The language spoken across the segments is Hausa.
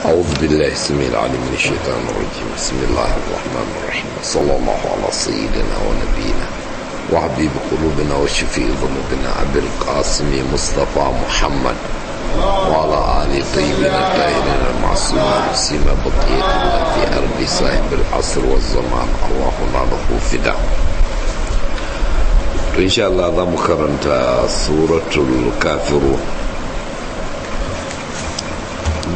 أعوذ بالله السميع العليم من الشيطان الرجيم بسم الله الرحمن الرحيم صلى الله على سيدنا ونبينا وحبيب قلوبنا وشفيء ذنوبنا أبي القاسم مصطفى محمد وعلى آل طيبين الطاهرين المعصومين سيما بقية الله في أرض صاحب العصر والزمان اللهم له فداء إن شاء الله ذا مكرمة سورة الكافرون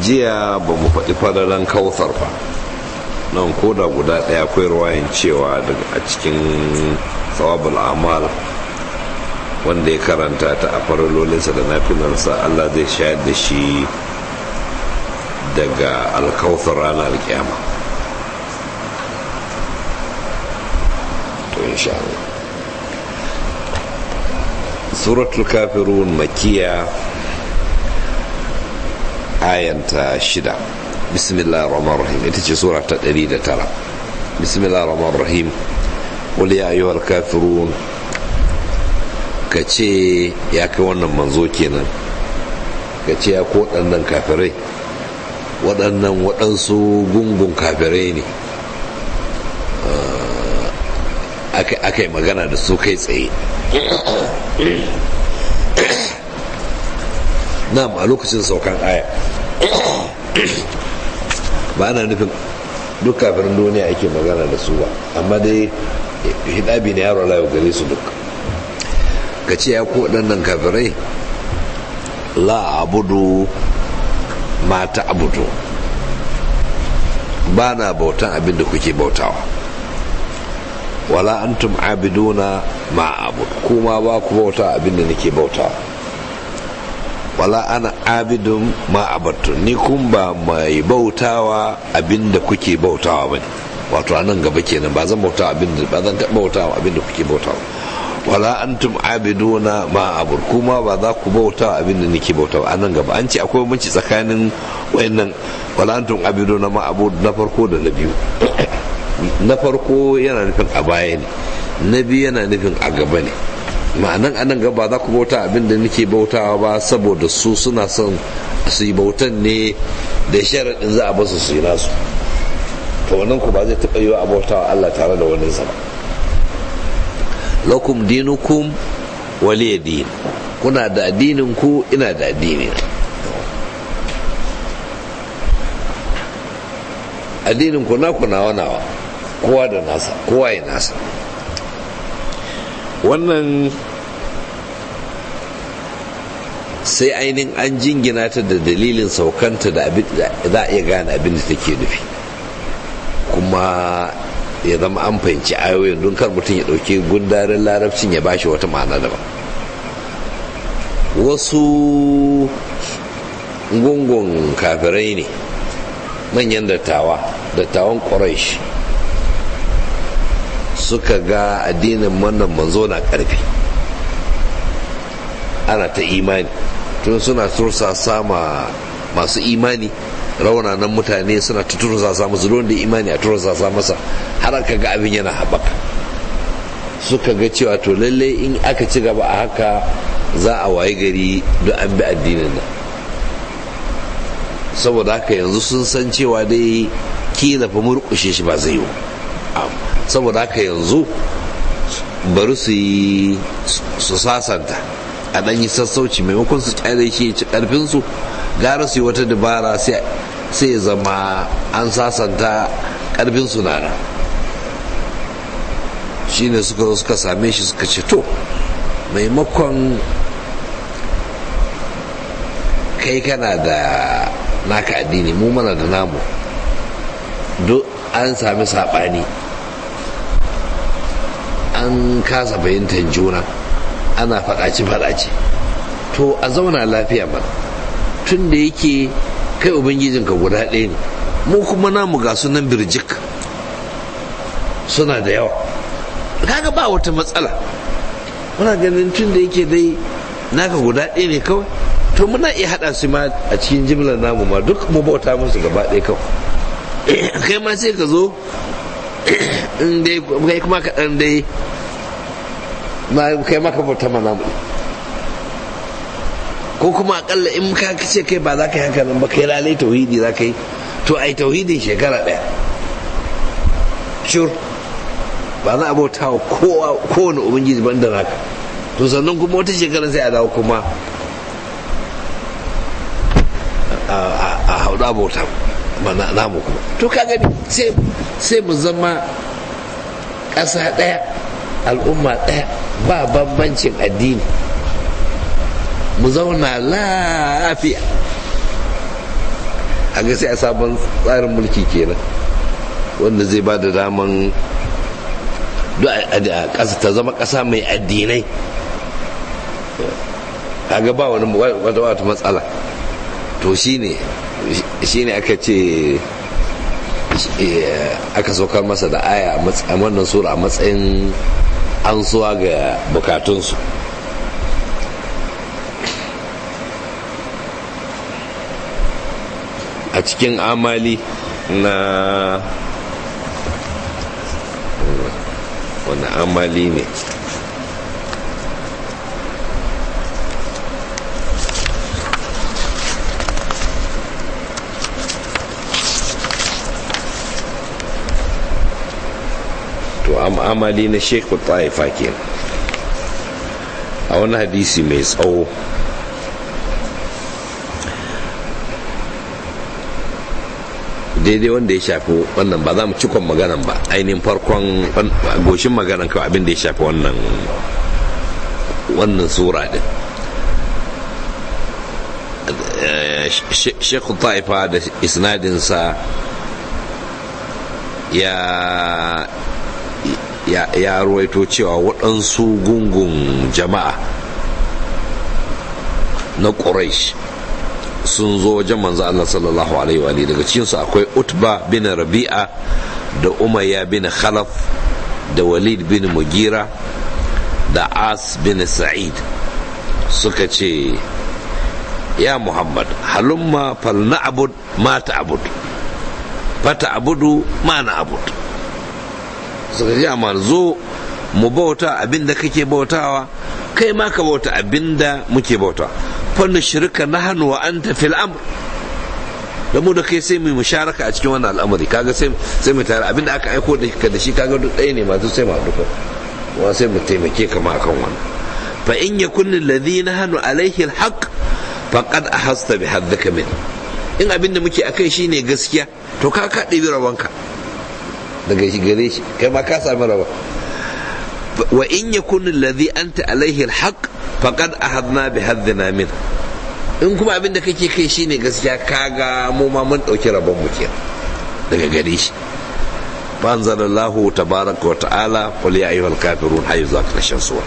jiya ba mu faɗi fararen kawusar ba nan ko da guda ɗaya akwai ruwayin cewa a cikin tsawabul amal wanda ya karanta ta a faralolinsa da na nafilarsa allah zai shayar da shi daga alkawthar ranar alkiyama to Allah suratul kafirun makiya ayanta shida bismillahir rahman rahim ita ce sura ta 109 bismillahir rahman rahim wal ya ayyuhal kafirun ka ya kai wannan manzo kenan ka ce ya ko waɗannan kafirai waɗannan waɗansu gungun kafirai ne ah, aka yi magana da su kai tsaye na a lokacin saukan aya ba ana nufin duk kafirin duniya ake magana da su ba amma dai hidabi ne yaro layo gare su duk ka ce ya ku waɗannan kafirai la abudu mata abudu ba na bautan abin da kuke bautawa wala antum abiduna ma abudu kuma ba ku bauta abin da nake bautawa wala ana abidun ma ni kun ba mai bautawa abinda kuke bautawa ba wato anan gaba kenan ba zan bautawa abinda ba zan bautawa abinda kuke bautawa wala antum abiduna ma abur kuma ba za ku bauta abinda nake bauta a nan gaba an ce akwai banci tsakanin wayannan wala antum abiduna ma abur na farko da na biyu na farko yana nufin a baya ne na biyu yana nufin a gaba ne ma'anan anan ga ba za ku bauta abin da nake bautawa ba saboda su suna son su yi bautan ne da sharaɗin za a basu su yi nasu to wannan ku ba zai taɓa yi wa a bautawa Allah tare da wani sama lakum dinukum waliya din kuna da addinin ku ina da addini addinin ku na kuna nawa kowa da nasa kowa ya nasa wannan sai ainihin an jingina ta da dalilin saukanta da za a iya gane abin da take nufi kuma ya zama an fahimci ayoyin don kar mutum ya ɗauki gundarin larabcin ya bashi wata ma'ana daban wasu gungun kafirai ne manyan dattawa dattawan ƙuraish suka ga addinin wannan manzo na karfi ana ta imani tun suna tursa sama masu imani raunanan mutane suna ta tursa sama zulon da imani a tursa masa har aka ga abin yana haɓaka suka ga cewa to lalle in aka ci gaba a haka za a waye gari don an bi addinin nan saboda haka yanzu sun san cewa dai kila fa murƙushe shi ba zai yi saboda haka yanzu bari su yi su sasanta a ɗan yi sassauci maimakon su tsaye shi ci ƙarfinsu gara su yi wata dabara sai ya zama an sasanta ƙarfinsu na nan shi ne suka zo suka same shi suka ce to maimakon kai kana da naka addini mu mana da namu duk an sami saɓani an kasa fahimtar juna ana faɗace-faɗace to a zauna lafiya ba tun da yake kai ubangijinka guda ɗaya ne mu kuma namu ga sunan birjik suna da yawa kaga ba wata matsala muna ganin tun da yake dai naka guda ɗaya ne kawai to muna iya haɗa su ma a cikin jimlar namu ma duk mu bauta musu gaba ɗaya kawai kai ma sai ka zo in dai kuma kaɗan dai na kai maka bauta mana mu ko kuma akalla in ka ce kai ba za ka yi haka nan ba kai lalai tauhidi za ka yi to ai tauhidin shekara ɗaya shur ba za a bauta wa kowane ubangiji ban da naka to sannan kuma wata shekara sai a dawo kuma a da bauta namu kuma to ka gani sai mu zama ƙasa ɗaya al'umma ɗaya ba bambancin addini mu zauna lafiya a ga sai a sabon tsarin mulki kenan wanda zai ba da daman ta zama ƙasa mai addinai a ga ba wani wata matsala to shine shine aka ce eh, aka saukar masa da aya a wannan sura a matsayin an suwa ga bukatunsu a cikin amali na wani amali ne wato amali na shekul ta'ifa ke a wani hadisi mai tsawo daidai wanda ya shafi wannan ba za mu cikon maganan ba ainihin farkon goshin maganan kawai abin da ya shafi wannan wannan sura din shekhu ta'ifa da isnadinsa ya ya ruwaito cewa waɗansu gungun jama'a na quraish sun zo wajen manzo Allah sallallahu alaihi wa daga cikinsu akwai utba bin rabi'a da umayya bin khalaf da walid bin mugira da as bin sa'id suka ce ya muhammad halumma fal abud, ma ta'bud fata abudu ma na abud. suka ce amma zo mu bauta abinda kake bautawa kai ma ka bauta abinda muke bauta fannin shirka na hannu wa an tafi al'amur da mu da kai sai mu musharaka a cikin wannan al'amari kaga sai sai mu tare abinda aka aiko da ka da shi kaga duk ɗaya ne ma duk sai ma duka wa sai mu taimake kama akan wannan fa in yakun alladhina hanu alaihi alhaq faqad ahasta bihadhaka min in abinda muke akai shine gaskiya to ka kaɗe ɗebi wanka. daga shi gare shi kai ma ka sami raba wa in yakun alladhi anta alaihi alhaq a ahadna bi haddina min in kuma abin da kake kai shine gaskiya ka mu ma mun dauki rabon mu kenan daga gare shi fa anzalallahu tabaraka wa ta'ala qul ya ayyuhal kafirun hayyu zakra shamsuwa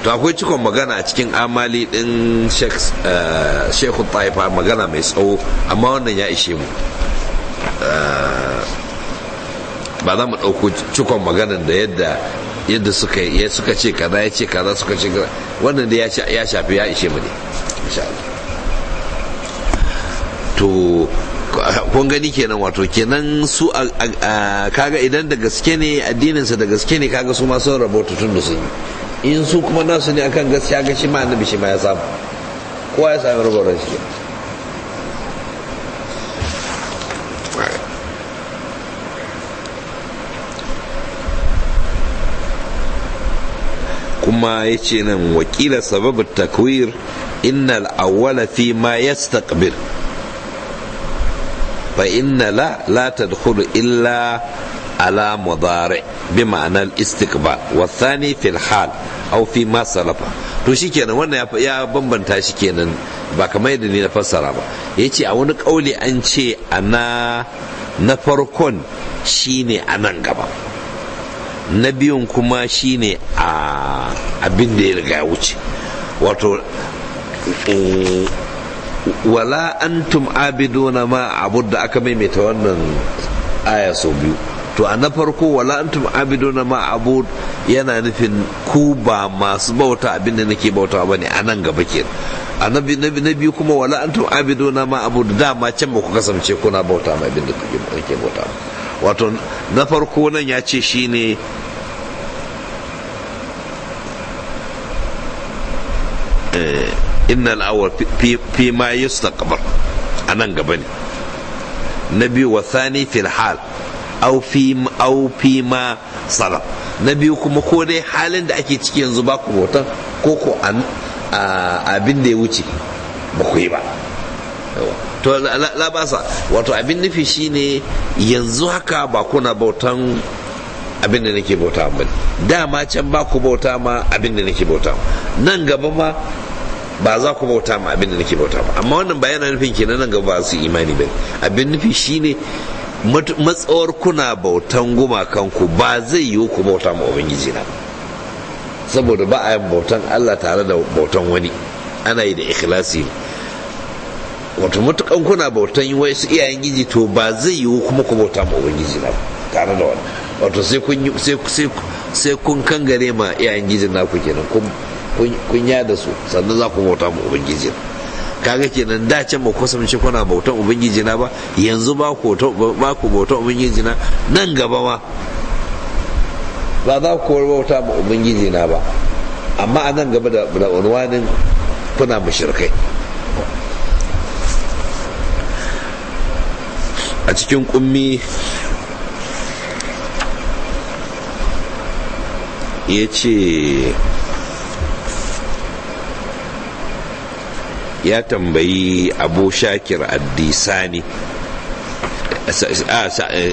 to akwai cikon magana a cikin amali din shekhu eh, taifa magana mai tsawo amma wannan ya ishe mu eh, ba za mu ɗauko cikon maganan da yadda yadda suka ya suka ce kaza ya ce kaza suka ce kaza wannan da ya shafi ya ishe mu ne to kun gani kenan wato kenan su kaga idan da gaske ne addininsa da gaske ne kaga su ma sun rabota tun da sun yi in su kuma nasu ne akan gaskiya ga shi ma annabi shi ma ya samu kowa ya sami rabar shi kuma ya ce nan wakila sababin takwir inna awwala fi ma yastaqbil fa inna la la tadkhulu illa ala mudari bi ma'anar istiqbal wa thani fil hal aw fi ma salafa to shikenan wannan ya bambanta shi kenan ba kamar yadda ni na fassara ba yace a wani kauli an ce ana na farkon shine a nan gaba na biyun kuma shine a abin da ya riga wuce wato eh, wala antum abiduna ma abud da aka maimaita wannan aya sau biyu to a na farko wala antum abiduna ma abud yana nufin ku ba masu bauta da nake bauta ba ne a nan gaba ke a na biyu kuma wala antum abiduna ma abud dama can ba ku kasance kuna bauta ma da kuke bauta ba wato na farko nan ya ce shi shine eh, inna al'awar fi ma yustaqbal a nan gaba ne na biyu wa Sani fil hal au fi ma salam na biyu kuma ko dai halin da ake ciki yanzu ba ku hoton ko ko abin da ya wuce ba ku yi ba to labasa wato abin nufi shine yanzu haka ba kuna bautan abin da nake bauta ba dama can ba ku bauta ma abin da nake bauta nan gaba ma ba za ku bauta ma abin da nake bauta ba amma wannan ba yana nufin kenan nan gaba ba su imani ba abin nufi shine matsawar kuna bautan gumakanku ba zai yiwu ku bauta ma ubangiji na saboda ba a yin bautan Allah tare da bautan wani ana yi da ikhlasi wato matukan kuna bautan yi wasu iyayen giji to ba zai yiwu kuma ku bauta ma ubangiji na tare da wani wato sai kun sai kun gare ma iyayen na ku kenan kun ya da su sannan za ku bauta ma ubangiji na kaga kenan da can ba kusamce kuna bautan ubangiji na ba yanzu ba ku bautan ubangiji na nan gaba ma ba za ku bauta ma ubangiji na ba amma a nan gaba da wani kuna mushrikai a cikin kummi ya ce ya tambayi abu shakir addisani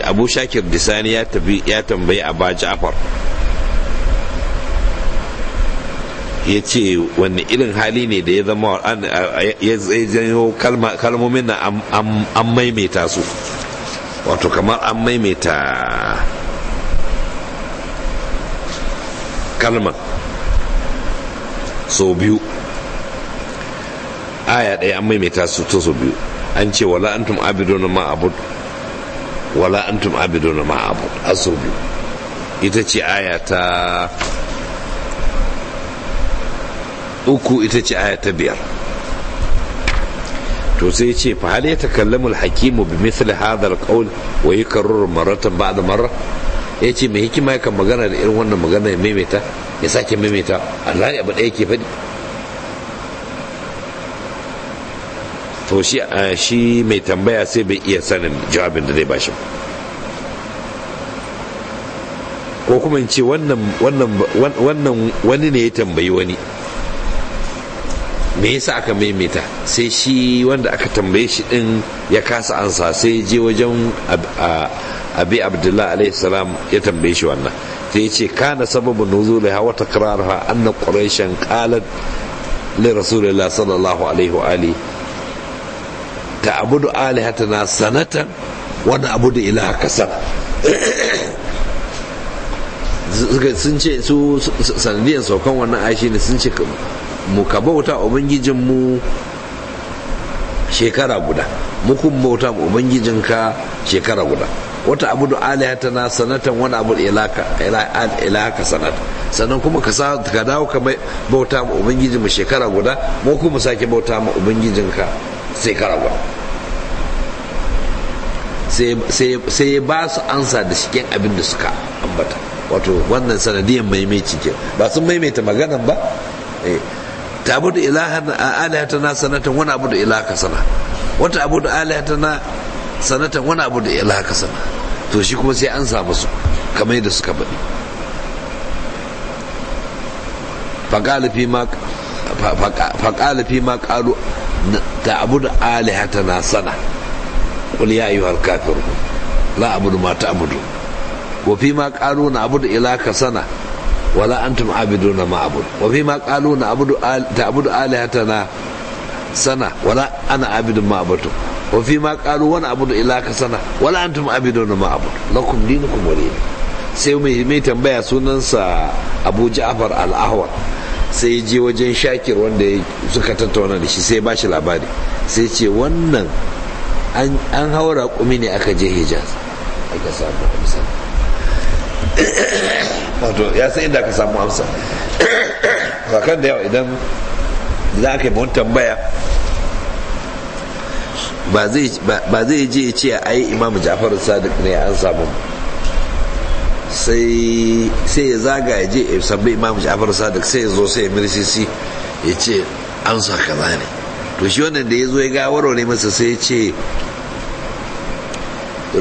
abu shakir disani ya tambayi abu ja'far ya ce wani irin hali ne da ya zama ya kalmomin na an maimaita su wato kamar an maimaita kalmar sau biyu aya ɗaya an maimaita su to sau biyu an ce wala antum abido na abud wala antum abido na abud a sau biyu ita ce aya ta uku ita ce aya ta biyar to sai ce fa hal ya takallamu al hakim bi mithli hadha al-qawl wa yakarrar maratan ba'da marra ya ce mai hikima ya kan magana da irin wannan magana ya maimaita ya sake maimaita Allah ya abu ɗaya ke faɗi to shi shi mai tambaya sai bai iya sanin jawabin da zai bashi ko kuma in ce wannan wannan wani ne ya tambayi wani me yasa aka maimaita sai shi wanda aka tambaye shi din ya kasa ansa sai je wajen abi abdullah alaihi salam ya tambaye shi wannan sai ya ce kana sababin nuzuliha wa takrarha anna quraishan qalat li rasulillah sallallahu alaihi wa ali ta'budu alihatana sanatan wa na'budu ilaha kasar sun ce su sanadiyar saukan wannan aishi ne sun ce mu ka bauta ubangijinmu shekara guda kun bauta ma ubangijinka shekara guda wata abu da alihatana sanatan wani abu ilaka ilaka sanata sannan kuma ka sa ka dawo ka bauta ma ubangijin mu shekara guda mu kuma sake bauta ma ka shekara guda sai ya ba su ansa da shiken abin da suka ambata wato wannan sanadiyan maimaici ke ba sun maimaita maganan ba eh. ta abudu ilahan a alihatana sanatan wani abu abudu ilahaka sana wata abudu alihatana sanatan wani abu abudu ilahaka sana to shi kuma sai an samu su kamar yadda suka faɗi faƙala fi ma ƙalu ta abudu alihatana sana ya yi قل يا أيها الكافرون لا أعبد ما تعبدون وفيما قالوا نعبد إلهك sana. wala antum abiduna ma abud wa ma abudu ta'budu alihatana sana wala ana abidun ma abudu wa fi ma qalu wa abudu ma sai mai tambaya sunansa Abu Ja'far al-Ahwar sai je wajen Shakir wanda suka tattauna da shi sai ba shi labari sai ce wannan an haura kumi ne aka je Hijaz aka samu wato ya san inda ka samu amsa kan da yawa idan za ka yi mun tambaya ba zai je ce a yi imamu jafaru sadiq ne an samu sai ya zaga ya je ya sabbi imamu jafaru sadiq sai ya zo sai ya mirisisi ya ce an sa kaza ne to shi wannan da ya zo ya ga warware masa sai ya ce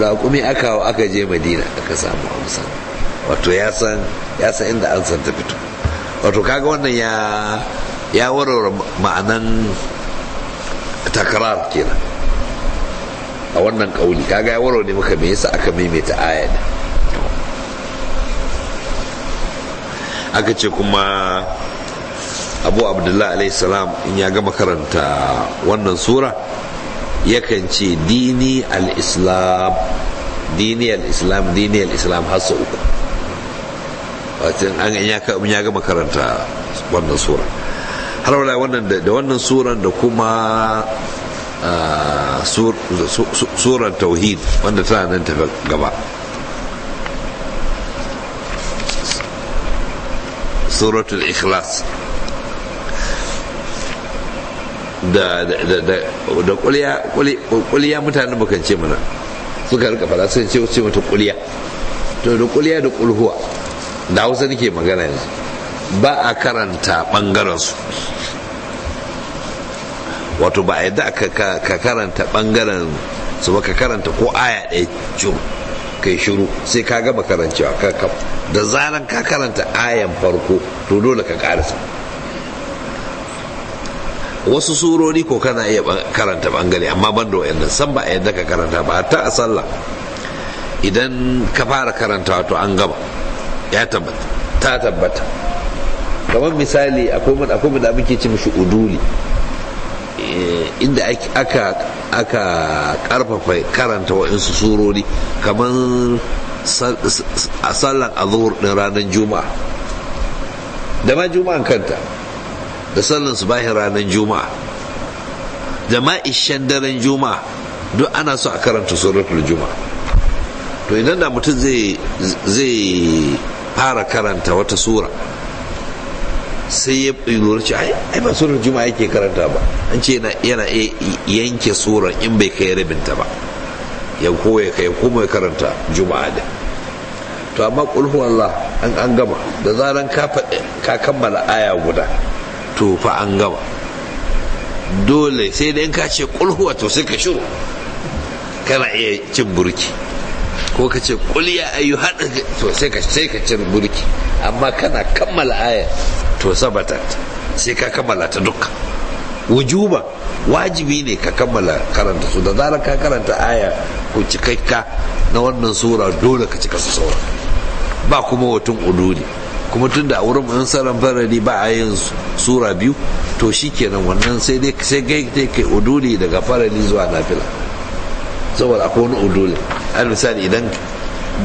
raƙumi aka aka je madina aka samu amsa wato ya san inda san ta fito wato kaga wannan ya ya warware ma'anan takrar kenan a wannan kauli kaga ya warware maka me yasa aka maimaita aya aka ce kuma abu abdullahi alayhi salam in ya gama karanta wannan sura yakan ce dini al-islam dini al-islam dini al-islam har uku wacin an ya ga makaranta wannan sura har wala wannan da wannan suran da kuma ah, suran tauhid wanda tana nan tafi gaba suratul ikhlas da kuliya mutanen bakance mana suka rika fara sun ce mata kuliya to da kuliya da kulhuwa da hausa nake magana yanzu ba a karanta su. wato ba a yadda ka karanta ɓangaren su ba ka karanta ko aya ɗaya kai shiru sai ka gama karancewa ka da zaran ka karanta ayan farko to dole ka karasa wasu surori ko kana iya karanta bangare amma ban da wayannan san ba a yadda ka karanta ba ta a sallah idan ka fara karanta to an gaba. ya tabbata ta tabbata kamar misali akwai akwai da muke ci mishi uduli eh, inda aka aka karfafa karanta wa'insu surori kamar a sallan azhur din ranar juma'a da ma juma'an kanta da sallan su bayan ranar juma'a da ma ishen daren juma'a duk ana so a karanta suratul juma'a to idan da mutum zai fara karanta wata sura sai ya lura ce ai ba surar juma'a yake karanta ba an ce yana yanke sura in bai kai rabinta ba ya koya kai kuma ya karanta juma'a da to amma kulhu Allah an gama da zaran ka kammala aya guda to fa an gama dole sai da in ka ce kulhu to sai ka shiru kana iya cin burki ko ka ce kulya ayu haɗa to sai ka sai ka burki amma kana kammala aya to sabata sai ka kammala ta duka wujuba wajibi ne ka kammala karanta su da zarar ka karanta aya ku cikakka na wannan sura dole ka cika su saura ba kuma watun uduri kuma tun da a wurin in saran farari ba a yin sura biyu to shi shikenan wannan sai dai sai kai uduri daga farari zuwa nafila saboda akwai wani udulin an misali idan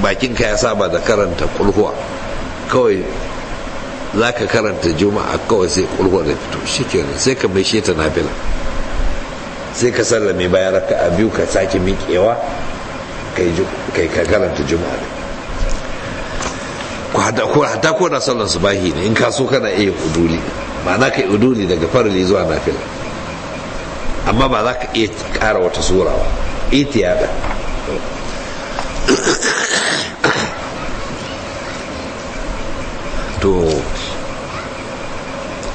bakinka ya saba da karanta kulhuwa kawai za ka karanta juma'a kawai sai kulhuwa da fito shi sai ka mai sheta na fila sai ka sallame bayan raka a biyu ka sake miƙewa kai ka karanta juma'a ku hata ko da sallan subahi ne in ka so kana iya uduli ma'ana kai uduli daga farli zuwa nafila amma ba za ka iya ƙara wata sura ba ثيابه to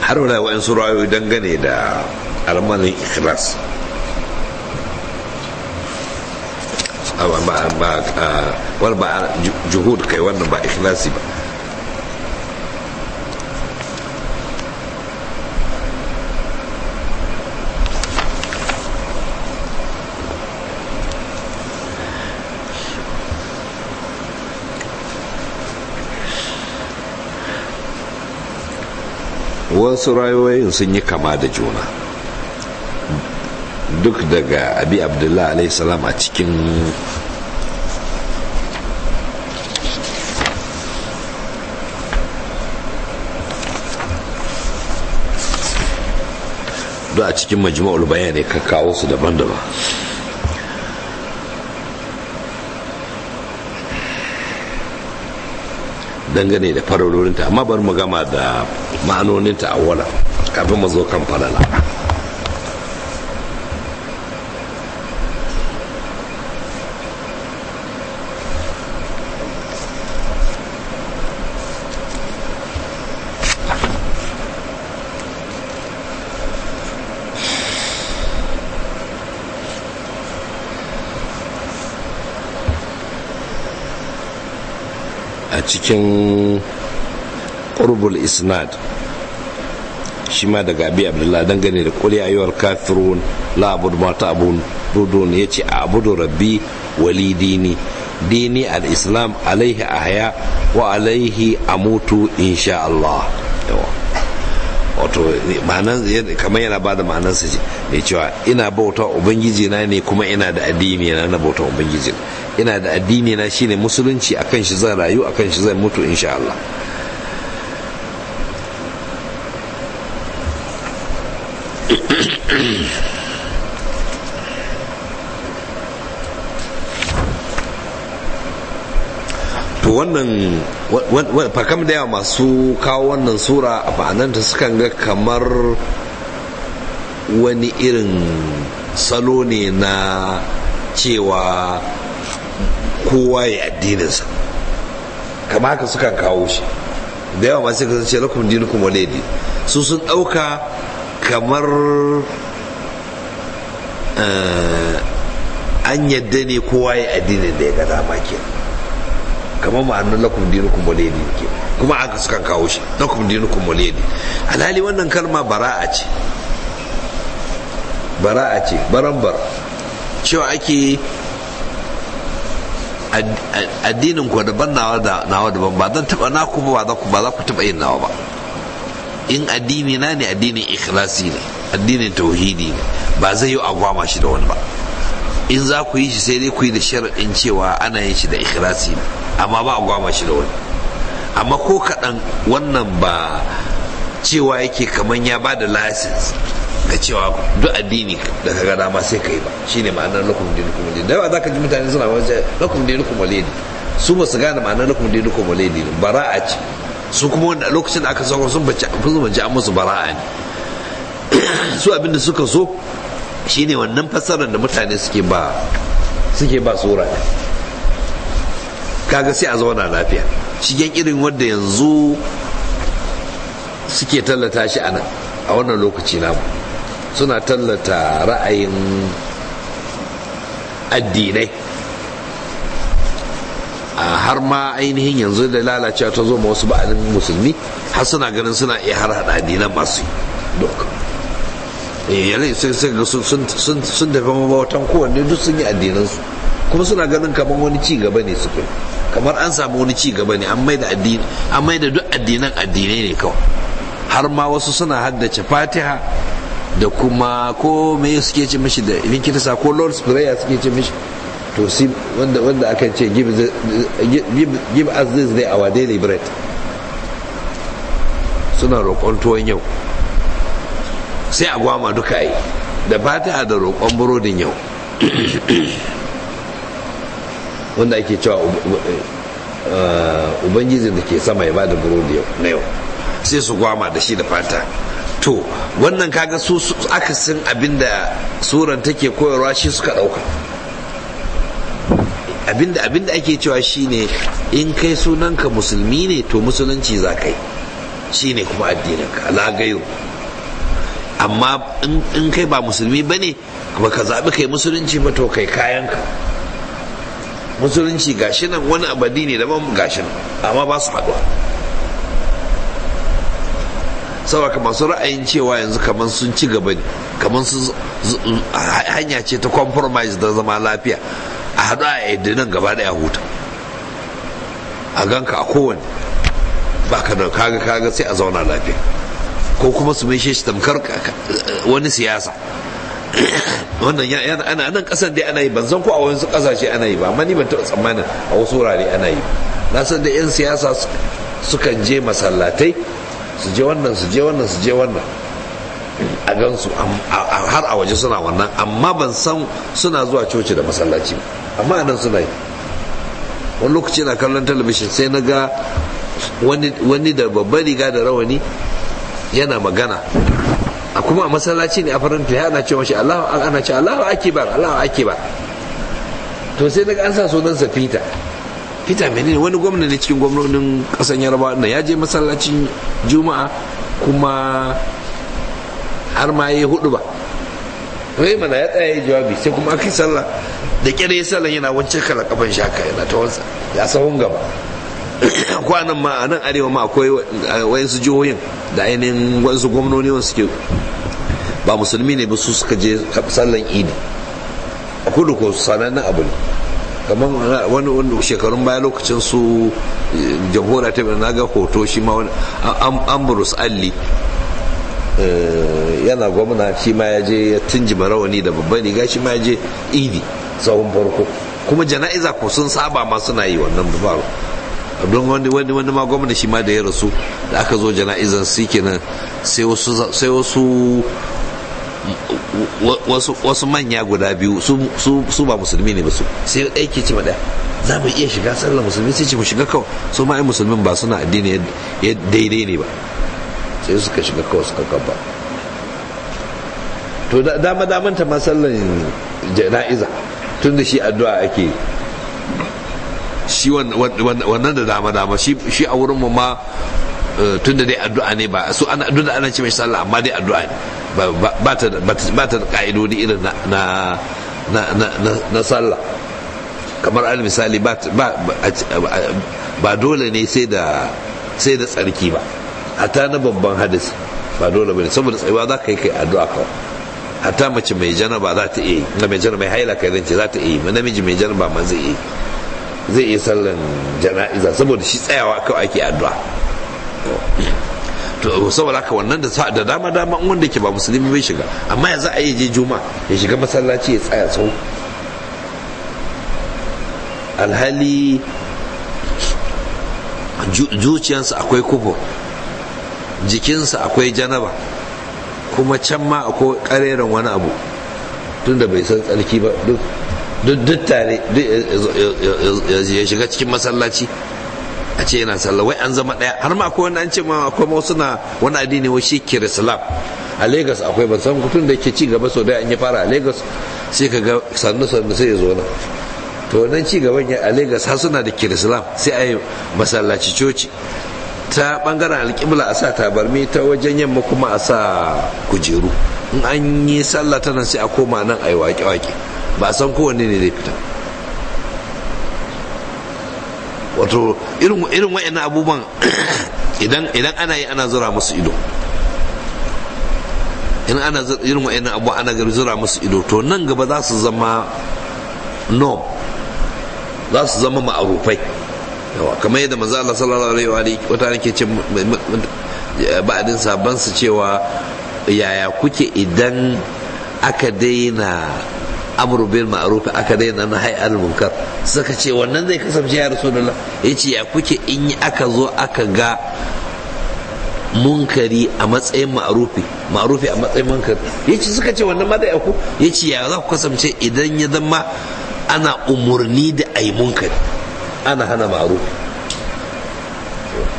har wani wa'insu ra'ayoyi dangane da almanin ikhlas wani ba juhud kai wannan ba ikhlasi ba wasu rayoyin sun yi kama da juna duk daga abi abdullah salam a cikin da a cikin majmu'ul bayani ka kawo su daban-daban dangane da farorinta amma bari mu gama da ma'anoninta a wala kafin mu zo kan falala cikin ƙurbul isnad shi ma daga abi abdullahi dangane da kuli ayyuwar kafirun la mata abun rudun ya ce a abudu rabbi wali dini dini al-islam alaihi ahya wa alaihi amutu insha Allah wato ma'anan kamar yana ba da su ne cewa ina bauta ubangiji na ne kuma ina da addini na na bauta ubangiji na ina da addini na shine musulunci akan shi zan rayu akan shi zan mutu insha Allah to wannan farkam da yawa masu kawo wannan sura a ta sukan ga kamar wani irin salo ne na cewa kowa ya addininsa kama haka suka kawo shi da yawa masu kasance ce lakum dinukum waledi su sun ɗauka kamar eh, an yadda ne kowa ya addinin da ya ga dama kamar ma'anar lakum dinukum waledi ke kuma aka suka kawo shi lakum dinukum waledi alhali wannan kalma bara'a ce bara'a ce bar cewa ake addinin ku daban nawa da nawa daban ba dan taba naku ba za ku ba za ku taba yin nawa ba in addini na ne addinin ikhlasi ne addinin tauhidi ne ba zai yi agwama shi da wani ba in za ku yi shi sai dai ku yi da sharaɗin cewa ana yin shi da ikhlasi ne amma ba agwama shi da wani amma ko kaɗan wannan ba cewa yake kamar ya ba da lasins ka cewa duk addini da ka ga dama sai ka yi ba shine ma'anar lakum dinukum walidi da yawa za ka ji mutane suna wajen lakum dinukum walidi su ba su gane ma'anar lakum dinukum walidi bara'a ce su kuma wanda lokacin da aka sauka sun bace an musu bara'a ne su abinda suka so shine wannan fassarar da mutane suke ba suke ba tsora kaga sai a zauna lafiya shigen irin wanda yanzu suke tallata shi a nan a wannan lokaci namu suna tallata ra'ayin addinai har ma ainihin yanzu da lalacewa ta zo ma wasu ba'anin musulmi har suna ganin suna iya har hada addinan masu yi duk eh, sai sai ga sun tafi mabawatan kowanne duk sun yi addinansu kuma suna ganin kamar wani ci gaba ne kai kamar an samu wani ci gaba ne an mai addini an duk addinan addinai ne kawai har ma wasu suna haddace fatiha da kuma ko me suke ce mishi da linkitisa ko lord's prayer suke ce mishi to si wanda wanda aka ce give give us this day our daily bread suna roƙon tuwon yau sai a gwama duka yi da fata da roƙon burodin yau wanda ake cewa uh, ubangiji da ke sama ya ba da yau na yau sai su gwama da shi da fata to wannan kaga su aka sun abinda suran take koyarwa shi suka dauka abinda abinda ake cewa shine in kai sunanka musulmi ne to musulunci za kai shine kuma addininka lagayo amma in kai ba musulmi ba ne ba ka zaɓi kai musulunci ba to kai kayanka musulunci gashi nan wani abadi ne daban gashi nan amma ba su haɗuwa saboda masu ra'ayin cewa yanzu kamar sun ci gaba ne kamar sun hanya ce ta compromise da zama lafiya a haɗu a yadda gaba da ya huta a ganka a kowane baka da kaga kaga sai a zauna lafiya ko kuma su maishe shi tamkar wani siyasa wannan yana ana nan kasan dai ana yi ban san ko a wasu kasashe ana yi ba amma ni ban taɓa tsammanin a wasu wurare ana yi na san da 'yan siyasa sukan je masallatai su je wannan su je wannan su je wannan a su har a waje suna wannan amma ban san suna zuwa coci da masallaci amma nan suna yi wani lokaci na kallon talabishin sai na ga wani da babban riga da rawani yana magana a kuma a masallaci ne a farin fili ana ce mashi Allahu ana ce Allahu akbar Allahu to sai na ga an sa sunan sa fita peter menene wani gwamna ne cikin gwamnonin kasan yarba da ya je masallacin juma'a kuma har ma ya hudu ba wai mana ya tsaye jawabi sai kuma aka sallah da kere ya sallah yana wancan kala kafan shaka yana ta wansa ya sahun gaba kwanan ma a nan arewa ma akwai wayansu jihohin da ainihin wasu gwamnoni wasu ke ba musulmi ne ba su suka je sallan idi a kudu ko sanannen abu ne kamar wani wani shekarun baya lokacin su jamhuriyar ta na ga hoto shi ma wani ambrus alli eh, yana gwamna shi ma ya je ya tunji marawani da babban riga shi ma ya je idi tsawon farko kuma jana'iza ko sun saba ma suna yi wannan dubaru don wani wani wani ma gwamna shi ma da ya rasu da aka zo jana'izan su kenan sai wasu wasu manya guda biyu su ba musulmi ne ba su sai ke ci maɗa za mu iya shiga sallar musulmi sai ce mu shiga kawai su ma'ai musulmin ba suna addini ya daidai ne ba sai suka shiga kawai suka kaba to dama damanta ma sallar jana'iza tun da shi addu'a ake shi wannan da dama dama shi a wurin mu ma eh, tun da dai addu'a ne ba su ana duk da ana ce mai sallah amma dai addu'a ne ba ta da ƙa'idodi irin na sallah kamar al misali ba dole ne sai da tsarki ba hatta na babban hadis ba dole bane saboda tsayuwa za ka yi kai addu'a kawai hatta mace mai janaba za ta yi na mai janaba mai haila kai zance za ta yi iya namiji mai janaba ma zai yi zai yi sallan jana'iza saboda shi tsayawa kawai ake addu'a to saboda haka wannan da dama dama wanda ke ba musulmi bai shiga amma yanzu a yi je juma ya shiga masallaci ya tsaya tsawo. alhali zuciyansa akwai kufu jikinsa akwai janaba kuma can ma akwai kareren wani abu tun da bai san tsarki ba duk tare ya shiga cikin masallaci a ce yana sallah wai an zama daya har ma akwai wanda an ce ma akwai ma suna wani addini wai shi kirislam a Legas akwai ban san kutun da ke ci gaba sau da an yi fara a lagos sai ka ga sannu sannu sai ya zo na to wannan ci gaban ya a lagos har suna da kirislam sai a masallaci coci ta bangaren alƙibla a sa tabarmi ta wajen yamma kuma a sa kujeru in an yi sallah ta nan sai a koma nan a yi waƙe-waƙe ba san kowanne ne zai fita wato irin irin wayannan abubuwan idan idan ana yi ana zura musu ido in ana irin wayannan abubuwan ana gari zura musu ido to nan gaba za su zama norm za su zama ma'arufai yawa kamar yadda maza Allah sallallahu alaihi wa alihi wata nake ce ba'adin sabansu cewa yaya kuke idan aka daina amru bil ma'ruf aka daina na hay al munkar suka ce wannan zai kasance ya rasulullah yace ya kuke in aka zo aka ga munkari a matsayin ma'rufi ma'rufi a matsayin munkari yace suka ce wannan ma zai aku yace ya za ku kasance idan ya zama ana umurni da ai munkari ana hana ma'rufi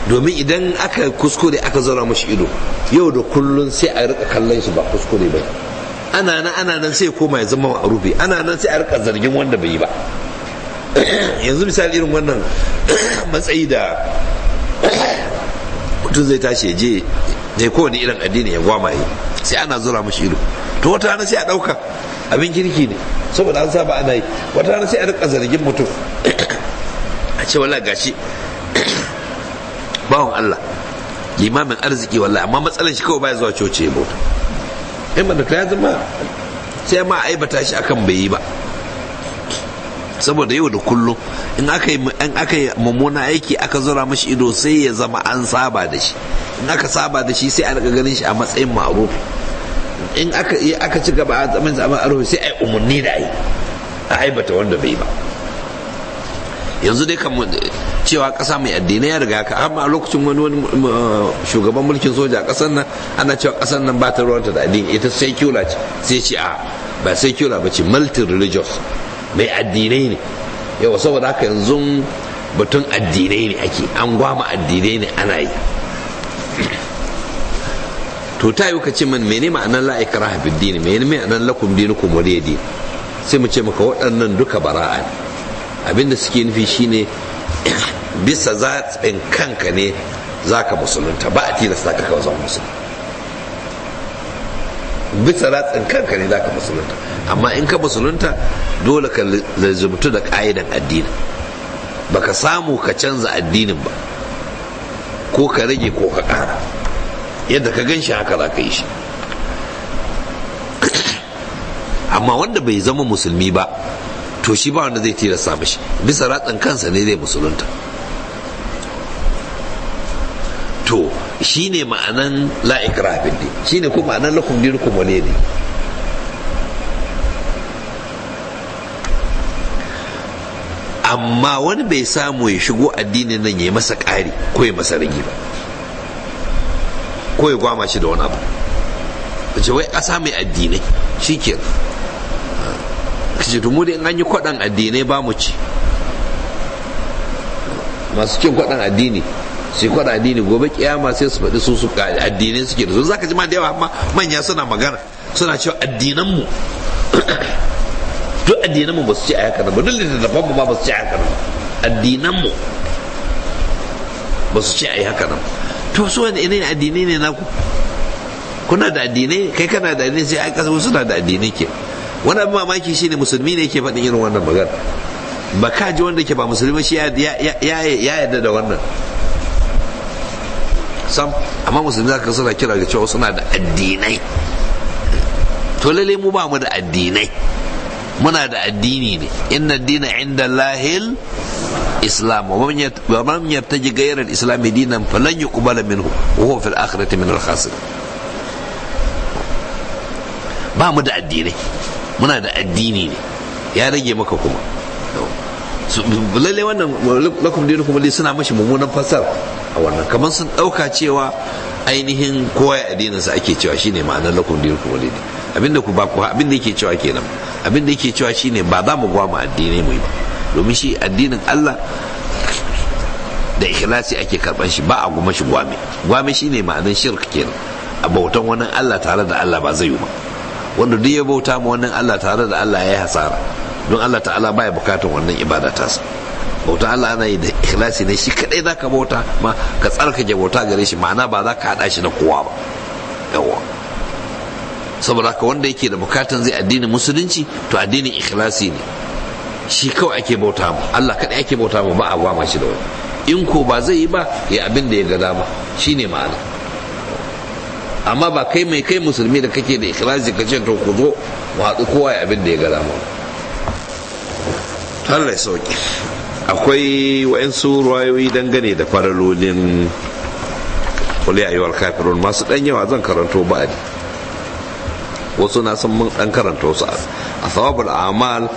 domin idan aka kuskure aka zara mashi ido yau da kullun sai a rika kallon shi ba kuskure ba ana nan ana nan sai koma ya zama rufe ana nan sai a rika zargin wanda bai yi ba yanzu misali irin wannan matsayi da mutum zai tashi je je kowane irin addini ya gwama yi sai ana zura mashi ido to wata rana sai a ɗauka abin kirki ne saboda an saba ana yi wata rana sai a rika zargin mutum a ce wala gashi bawan Allah limamin arziki wallahi amma matsalar shi kawai baya zuwa coci ya bauta in ba ta ya zama sai ma aibata shi akan bai yi ba saboda yau da kullum in aka yi mummuna aiki aka zura mashi ido sai ya zama an saba da shi in aka saba da shi sai a rika ganin shi a matsayin ma'ruf in aka ci gaba a zaman zaman arhu sai ai umarni da ai a aibata wanda bai ba yanzu dai kan cewa ƙasa mai addinai ya riga ka amma a lokacin wani wani shugaban mulkin soja a ƙasar nan ana cewa ƙasar nan ba ta ruwanta da addini ita secular ce sai ce a ba secular ba ce multi religious mai addinai ne yawa saboda haka yanzu batun addinai ne ake an gwama addinai ne ana yi to ta yi ce man mene ma'anar la ikraha bid din mene ma'anar lakum dinukum waliya sai mu ce maka waɗannan duka bara'a abinda suke nufi shine bisa zaɓin kanka ne za ka musulunta ba a tilasta ka kawo zama musulun bisa ratsin kanka ne za ka musulunta amma in ka musulunta dole ka lalzumtu da ƙa'idan addini ka samu ka canza addinin ba ko ka rage ko ka ƙara yadda ka gan shi haka za ka yi shi amma wanda bai zama musulmi ba to shi ba wanda zai tilasta shi, bisa ratsan kansa ne zai musulunta to shi ne ma'anan la'ikira ne shi ne kuma ma'anan lakum dinukum wale ne amma wani bai samu ya shigo addinin nan ya yi masa ƙari ko ya masa rigi ba ko ya gwama shi da wani abu ce wai ƙasa mai addinai shi kenan suka ce mu da in an yi kwaɗan addinai ba mu ci masu cin kwaɗan addini sai kwaɗa addini gobe kiyama sai su faɗi su su addinai suke da su zaka ji ma da yawa manya suna magana suna cewa addinan mu duk addinan mu ba su ci a haka ba duk da dafan ba su ci a haka ba addinan mu ba su ci a haka ba to su wani irin addinai ne na Ku kuna da addinai kai kana da addinai sai ai kasa suna da addinai ke wani abin mamaki ne musulmi ne yake faɗin irin wannan magana ba ka ji wanda ke ba musulmi shi ya yadda da wannan sam amma musulmi za ka suna kira ga cewa suna da addinai to lalle mu ba mu da addinai muna da addini ne inna dina inda lahil islam wa man yabtaji ghayra al-islam dinan falan yuqbala minhu wa huwa fil akhirati min al-khasirin ba mu da addinai muna da addini ne ya rage maka kuma lalle wannan lakum dinu kuma suna mashi mummunan fasar a wannan kamar sun dauka cewa ainihin kowa ya addinin sa ake cewa shine ma'anar lakum kuma li abinda ku ba ku abinda yake cewa kenan abinda yake cewa shine ba za mu gwama addini mu ba domin shi addinin Allah da ikhlasi ake karban shi ba a goma shi gwame gwame shine ma'anar shirk kenan a bautan wani Allah tare da Allah ba zai yi ba wanda duk ya bauta ma wannan Allah tare da Allah ya yi hasara don Allah ta'ala baya bukatun wannan ibada ta su bauta Allah ana yi da ikhlasi ne shi kadai za ka bauta ma ka tsarkake bauta gare shi ma'ana ba za ka hada shi da kowa ba yawa saboda haka wanda yake da bukatan zai addinin musulunci to addinin ikhlasi ne shi kawai ake bauta mu Allah kadai ake bauta mu ba a ma shi da wani in ko ba zai yi ba ya abin da ya ga dama shine ma'ana amma ba kai mai kai musulmi da kake da ikhlasi ka ce to ku zo mu haɗu kowa ya abin da ya gada mu Allah ya sauki akwai wa'insu ruwayoyi dangane da faralolin kuliya yiwuwar kafirun masu dan yawa zan karanto ba ba'adi wasu na san mun ɗan karanto su a sawabul amal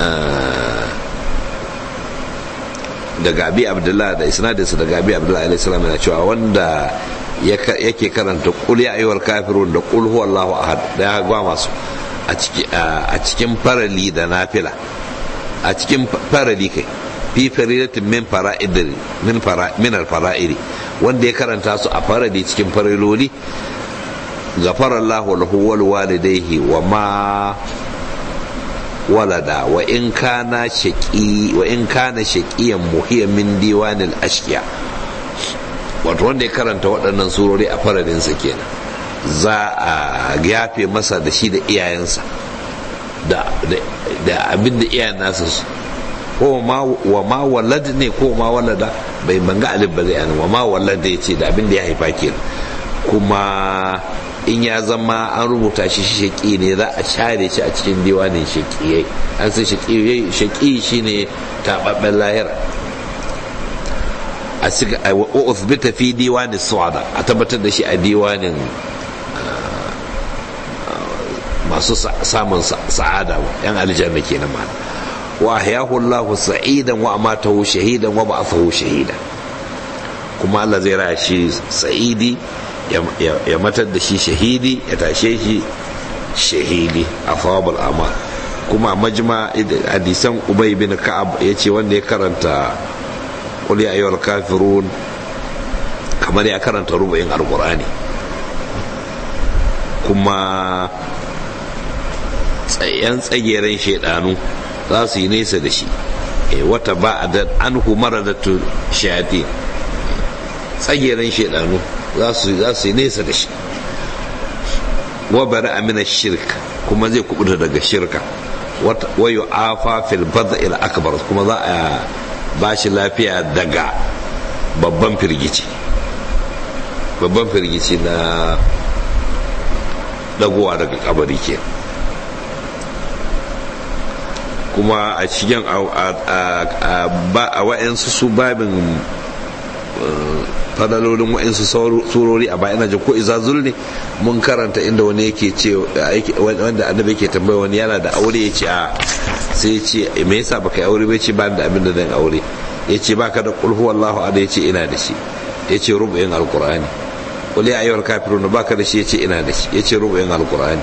eh, da gabi abdullahi da isnadinsa da gabi abdullahi alaihi salam yana cewa wanda yake karanta kul ya ayyuhal kafirun da qul huwallahu ahad da ya gwa masu a cikin farali da nafila a cikin farali kai fi faridatin min fara'idin min fara min al wanda ya karanta su a farali cikin fariloli ghafara Allahu lahu wal walidayhi wa ma walada wa in kana shaqi wa in kana shaqiyan muhiyan diwanil wato wanda ya karanta waɗannan surori a faradinsa kenan za a yafe masa da shi da iyayensa da abin da iyayen nasa su ko wa ma walad ne ko ma walada bai banga alif ba zai wa ma walad ya ce da abin da ya haifa kenan kuma in ya zama an rubuta shi shaƙi ne za a share shi a cikin diwanin shaƙiyai an sai shaƙi ne taɓaɓɓen lahira a siga a uthbita fi diwanin suwada a tabbatar da shi a diwanin uh, masu samun sa'ada yan aljanna kenan ma wa ahyahu Allah sa'idan wa amatahu shahidan wa ba'athahu shahida kuma Allah zai raya shi sa'idi ya matar da shi shahidi ya tashe shi shahidi a fawabul amal kuma majma hadisan ubay bin ka'ab ya ce wanda ya karanta qul ya ayyuhal kamar ya karanta rubu'in alqur'ani kuma tsayen tsageren shaidanu za su yi nesa da shi wata ba a da an humara da shayati tsageren shaidanu za su yi nesa da shi wa bari amina shirka kuma zai kubuta daga shirka wayo afa fil bada'il akbar kuma za a ba shi lafiya daga babban firgici babban firgici na dagowa daga kabari ke kuma a cikin a wa'yansu su babin fadalolin wa'insu surori a bayan ajin ko izazul ne mun karanta inda wani yake ce wanda annabi yake tambaya wani yana da aure ya ce a sai ya ce me yasa baka yi aure ba ce ba da abin da zan aure ya ce baka da kulhu wallahu ada ya ce ina da shi ya ce rubu'in alqur'ani qul ya ayyuhal kafirun baka da shi ya ce ina da shi ya ce rubu'in alqur'ani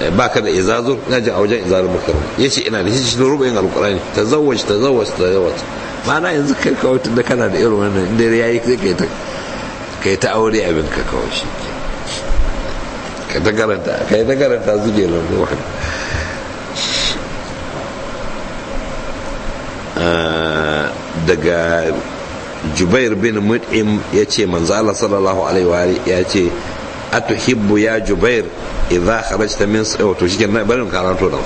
eh, baka da izazul na ji a wajen izazul mukarram ya ce ina da shi rubu'in alqur'ani tazawwaj tazawwaj tazawwaj mana yanzu kai kawai tun da kana da irin wannan inda ya yi kai ta kai ta aure abin ka kawai shi ka ta karanta kai ta karanta zube lamu wani daga jubair bin mut'im ya ce manzo Allah sallallahu alaihi wa ya ce atuhibbu ya jubair idza kharajta min wato shi kenan barin karanto da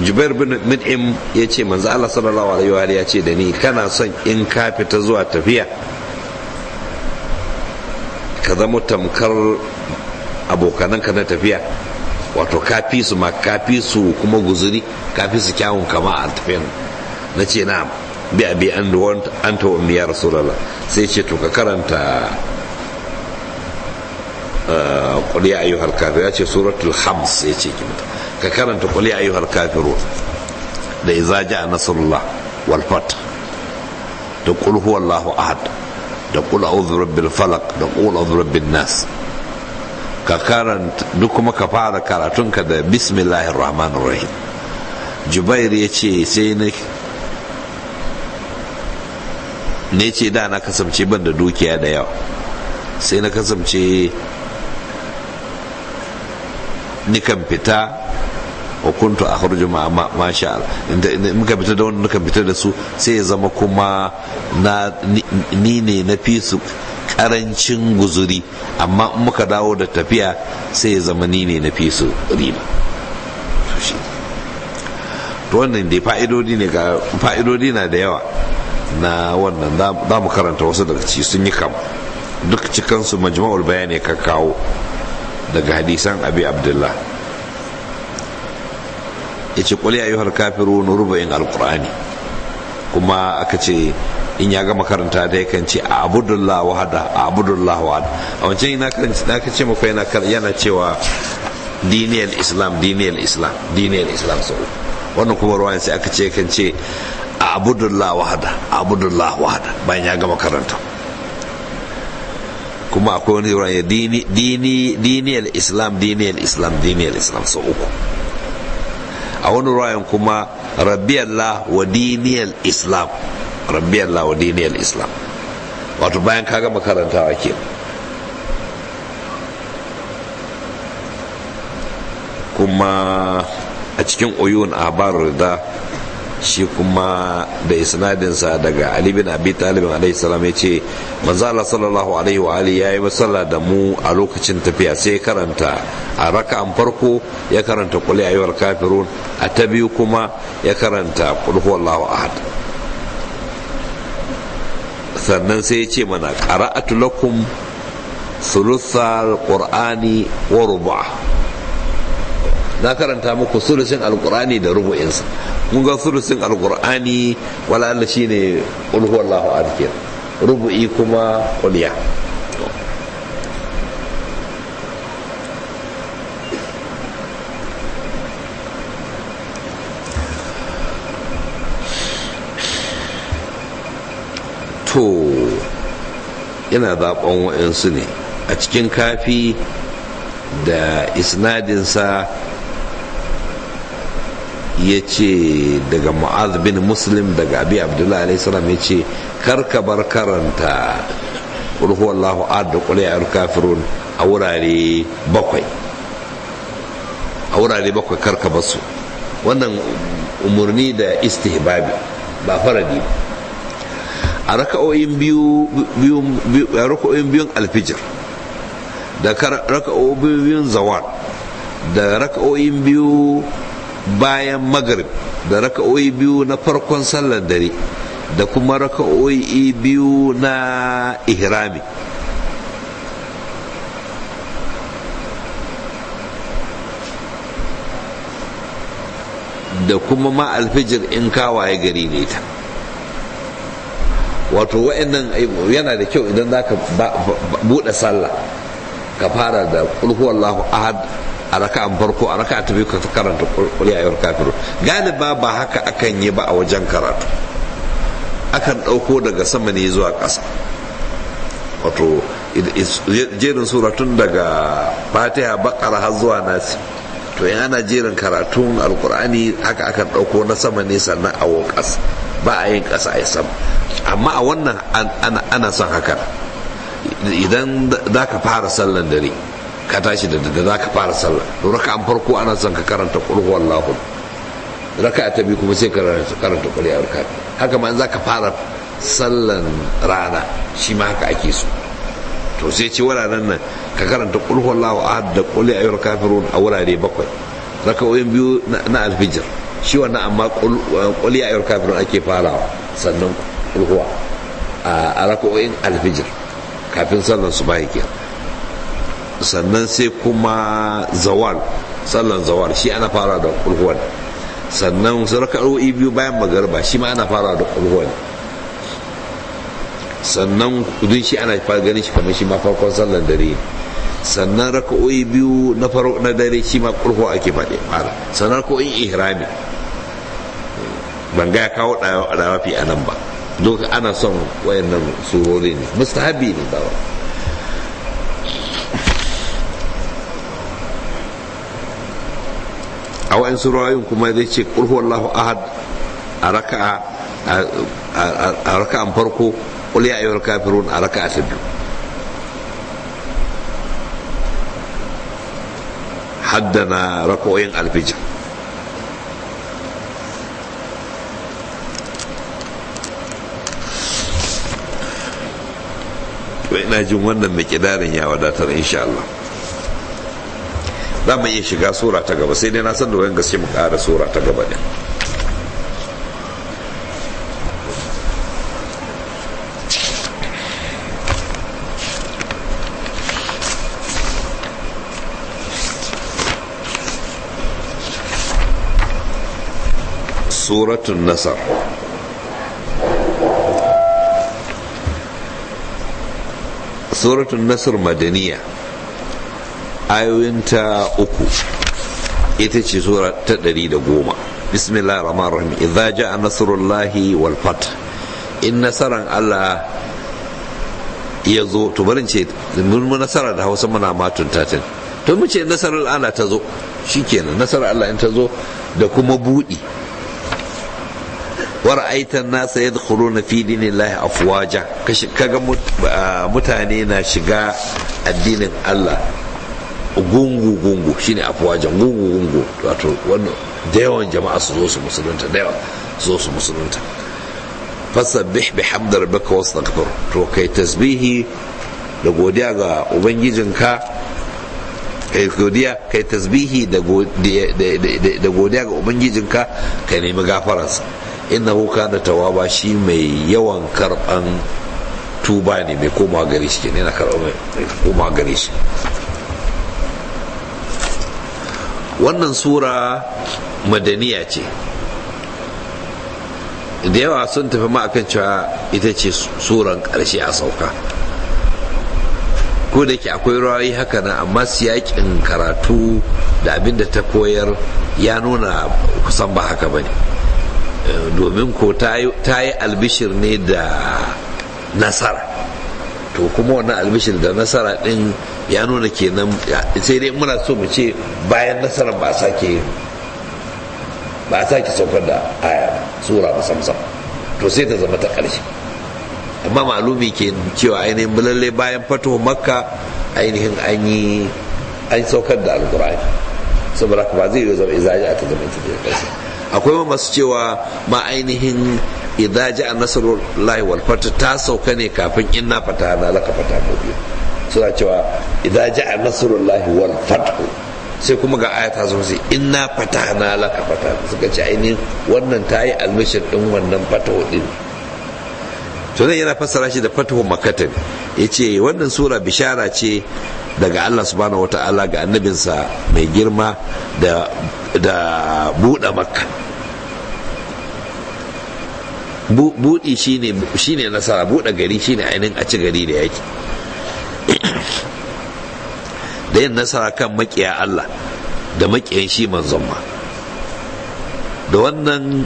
jubair bin mid'im ya ce manzo Allah sallallahu alaihi wa ya ce da ni kana son in ka fita zuwa tafiya ka zama tamkar abokananka na tafiya wato ka fi su ma ka fi su kuma guzuri ka fi su kyawun kama a tafiyan na ce na bi abi an an ta wani ya rasulullah sai ce to ka karanta uh, qul ya ayyuhal kafir ya ce suratul hams ya ce kimta ka karanta kuli a ayyuhal kafirun da iza ji a walfat da qul ahad da kula a'udhu Falak da kula a'udhu nas ka karanta duk kuma ka fara karatunka da bismillahir rahmanir rahim jubair ya ce sai na ne ce da na kasance ban da dukiya da yawa sai na kasance nikan fita wa kuntu akhruju ma ma sha inda muka fita da wanda fita da su sai ya zama kuma na ni ne na fi su karancin guzuri amma in muka dawo da tafiya sai ya zama ni ne na fi su riba to wannan dai fa'idodi ne ga fa'idodi na da yawa na wannan za mu karanta wasu daga ci sun yi kam duk cikansu majma'ul bayani ka kawo daga hadisan abi abdullah ya ce kwalli ayyuhar kafiru na rubayin alkur'ani kuma aka ce in ya gama karanta da yakan ce a abudullah wahada a abudullah wahada a wancan ina ka ce maka yana yana cewa diniyar islam diniyar islam diniyar islam sau wannan kuma ruwan sai aka ce kan ce a abudullah wahada a abudullah wahada bayan ya gama karanta kuma akwai wani ruwan ya islam diniyar islam diniyar islam sau uku a wani ruwayan kuma rabbiyallah wa diniyar islam rabbiyallah wa diniyar islam wato bayan ka makaranta karantawa ke kuma a cikin oyun a da shi kuma da isnadinsa daga ali bin abi talib alaihi salam yace manzo Allah sallallahu alaihi wa alihi yayi masalla da mu a lokacin tafiya sai karanta a raka'an farko ya karanta qul ya ayyuhal kafirun a ta biyu kuma ya karanta qul huwallahu ahad sannan sai ya ce mana qara'atu lakum thuluthal qur'ani wa ruba' na karanta muku sulusin alkur'ani da rubu'insa mun ga sulusin alkur'ani wala Allah shine qul huwallahu ahad rubu'i kuma quliya to yana zaɓen wa'insu ne a cikin kafi da isnadinsa ya ce daga ma'az bin muslim daga abi abdullahi alaihi salam ya ce karka bar karanta ruhu allahu ad da kuliyar kafirun a wurare bakwai a wurare bakwai karka basu wannan umarni da istihbabi ba faradi ba a raka'o'in biyun alfijir da raka'o'in biyun zawar da raka'o'in biyu bayan magrib da raka'o'i biyu na farkon sallar dare da kuma raka'o'i biyu na ihrami da kuma ma alfijir in kawaye gari ne ta wato wa'annan yana da kyau idan za ka buɗe sallah ka fara da ƙulhuwallahu ahad a raka'an farko a raka'a ta biyu ka karanta qul ya ayyuhal kafirun galiba ba haka akan yi ba a wajen karatu akan ɗauko daga sama ne zuwa ƙasa wato jerin suratun daga fatiha bakara har zuwa nasi to in ana jerin karatun alkur'ani haka akan ɗauko na sama ne sannan a ƙasa ba a yin ƙasa a yi sama amma a wannan ana son haka idan za ka fara sallan dare ka tashi da da za ka fara sallah raka an farko ana son ka karanta ƙurhu wallahu raka ta biyu kuma sai ka karanta ƙuri ya raka haka ma za ka fara sallan rana shi ma haka ake so to sai ce wuraren nan ka karanta ƙurhu wallahu ahad da ya ayyar kafirun a wurare bakwai raka'o'in biyu na alfijir shi wannan amma ya ayyar kafirun ake farawa sannan ƙurhuwa a raka'o'in alfijir kafin sallan su ba kenan sannan sai kuma zawal sallan zawal shi ana fara da kulhuwan sannan raka'o'i biyu bayan magarba shi ma ana fara da kulhuwan sannan kudin shi ana ganin shi kamar shi ma farkon sallan dare sannan raka'o'i biyu na faro na dare shi ma kulhuwa ake faɗi fara sannan raka'o'in ihrami ban ga ya kawo ɗawafi a nan ba don ana son wayannan surori ne mustahabi ne ba a wa'ansu ra'ayin kuma zai ce qul ahad a raka'a a raka'an farko qul ya ayyuhal kafirun a raka'a ta biyu haddana rako'in alfijir ina jin wannan mai kidarin ya wadatar insha Allah za mu iya shiga sura ta gaba sai dai na san da gaske mu kara sura ta gaba ne suratun nasar suratun nasar madaniya ayoyin ta uku ita ce sura ta ɗari da goma bismillah rahman rahim idza ja'a nasrullahi wal fat in nasaran Allah ya zo to barin ce mun mu nasara da Hausa muna matun tatin to mu ce nasarar Allah ta zo shikenan nasarar Allah in ta zo da kuma budi wa ra'aitan nasa yadkhuluna lahi dinillahi afwaja kaga mutane na shiga addinin Allah gungu gungu shine afwajan gungu gungu wato wanda da yawan jama'a su zo su musulunta da yawa su zo su musulunta fasabbih bihamdi rabbika wastaghfir to kai tasbihi da godiya ga ubangijinka kai godiya kai tasbihi da godiya ga ubangijinka ka nemi gafararsa innahu kana tawaba shi mai yawan karban tuba ne mai koma gari shi ne na karban mai koma gari shi wannan sura madaniya ce da yawa sun tafi ma akan cewa ita ce suran ƙarshe a sauka ko da ke akwai rawayi haka nan amma su siyakin karatu da abin da ta koyar ya nuna kusan ba haka ba ne domin ko ta yi albishir ne da nasara to kuma wannan albishir da nasara ɗin ya nuna kenan sai dai muna so mu ce bayan nasarar ba a sake ba a sake saukar da aya sura ba samsam to sai ta zama ta ƙarshe amma malumi ke cewa ainihin lalle bayan fato makka ainihin an yi an saukar da alkurani saboda ba zai yi zama izaji a ta zama ta da ƙarshe akwai ma masu cewa ma ainihin idaji a nasarar lahi walfata ta sauka ne kafin in na fata na laka fata mu biyu suna cewa idza a nasrullahi wal fathu sai kuma ga aya ta zo sai inna fatahna laka fata suka ce ainihin wannan ta yi almishir din wannan fatahu ɗin. to zai yana fassara shi da fatahu makkata ya ce wannan sura bishara ce daga Allah subhanahu ga annabinsa mai girma da buɗe makka buɗi shine nasara buɗe gari shine ainihin a ci gari da yaki da yin nasara kan makiya Allah da makiyan shi manzon ma da wannan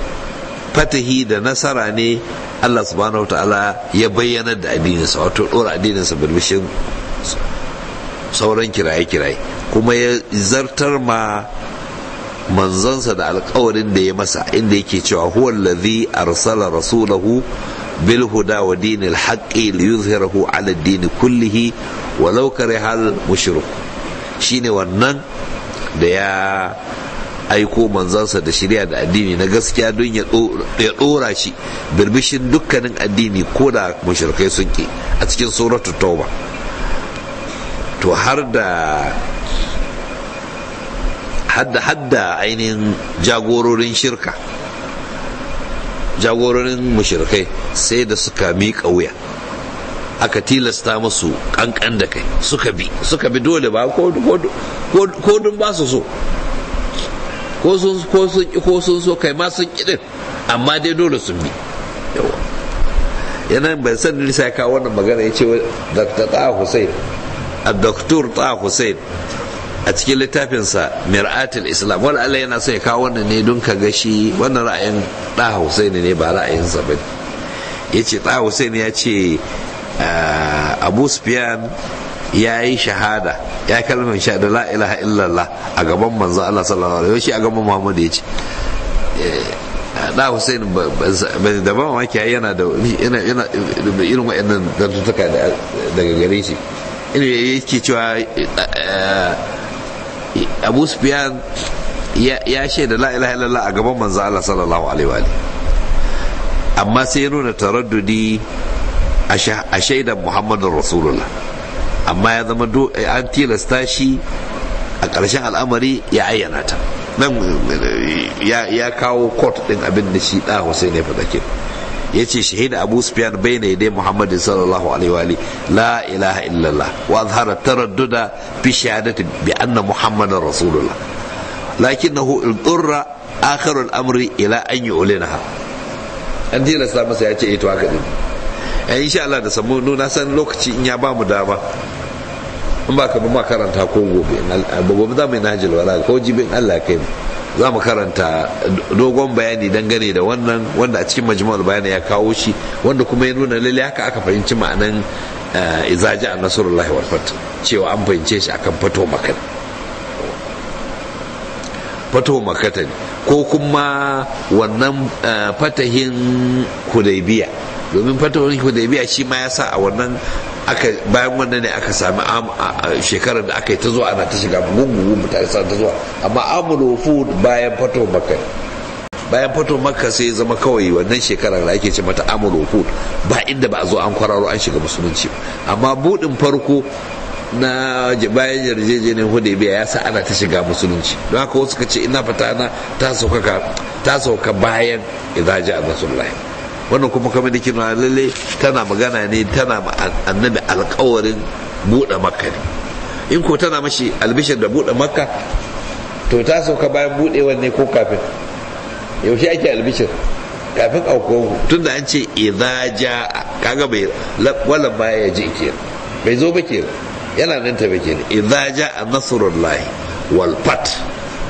fatahi da nasara ne Allah subhanahu wa ta'ala ya bayyanar da addininsa wato ɗora addininsa bilbishin sauran kiraye-kiraye kuma ya zartar ma manzansa da alkawarin da ya masa inda yake cewa huwa allazi arsala rasulahu بالهدى ودين الحق ليظهره على الدين كله ولو كره المشرك shine wannan da ya aiko manzansa da shirya da addini na gaskiya don ya dora shi birbishin dukkanin addini ko da mushrikai sun ke a cikin suratu tauba to har da hadda hadda ainihin jagororin shirka jagororin mushrikai sai da suka miƙa wuya aka tilasta musu kankan da kai suka bi suka bi dole ba ko dun ba su so ko sun so kai ma sun kidin amma dai dole sun bi yanayin bai san nisa ya kawo wannan magana ya ce da ta Hussein a doktor ta Hussein a cikin littafinsa mir'atul islam wani allah yana so ya kawo wannan ne don ka ga shi wannan ra'ayin ɗa husaini ne ba sa bane ya ce ɗa husaini ya ce ah, abu sufyan ya yi shahada ya kalmar shahada la ilaha illallah a gaban manzo allah sallallahu alaihi wasallam a gaban muhammadu ya ce eh, da Hussein da ba mamaki yana da irin waɗannan zartutuka daga gare shi ina yake cewa eh, abu sufyan ya shaida la ilaha illallah a gaban manzo Allah sallallahu alaihi wa amma sai ya nuna taraddudi a shaidan muhammadun rasulullah amma ya zama an tilasta shi a ƙarshen al'amari ya ayyana ta nan ya kawo kot ɗin abin da shi ɗa hussein ya faɗa yace shahida abu sufyan bayna yaday muhammad sallallahu alaihi wa la ilaha illallah wa azhara taradduda fi shahadati bi anna muhammadar rasulullah lakinnahu idurra akhiru al-amri ila an yu'linaha an tilasta masa ya ce ito eh, haka din eh insha Allah da samu san lokaci in ya ba mu dama in ba ka ba ma karanta ko gobe gobe za mu yi nahjul wala ko jibin Allah kai mu za mu karanta dogon bayani dangane da wannan wanda a cikin majmu'ul bayani ya kawo shi wanda kuma ya nuna lalle haka aka fahimci ma'anan eh, izaji a nasarullahi wal fat cewa an fahimce shi akan fato makan fato makata ne ko kuma wannan eh, fatahin hudaybiya domin fatahin hudaybiya shi ma ya sa a wannan aka bayan wannan ne aka sami shekarar da aka yi ta zuwa ana ta shiga gungu mutane sa ta zuwa amma amuru food bayan fato makka bayan fato makka sai zama kawai wannan shekarar da ake ce mata amuru food ba inda ba a zo an kwararo an shiga musulunci amma budin farko na bayan yarjejeniyar hudaybiya ya sa ana ta shiga musulunci don haka wasu ka ce ina fata na ta sauka bayan idaja a nasulullahi wannan kuma kamar da kina lalle tana magana ne tana annabi alkawarin buɗe makka ne in ko tana mashi albishir da buɗe makka to ta sauka bayan buɗewar ne ko kafin yaushe ake albishir kafin auko tun da an ce idza ja'a kaga bai wallan ba ya ji ke bai zo ba ke yana nan ta bake idza ja'a nasrullahi wal fat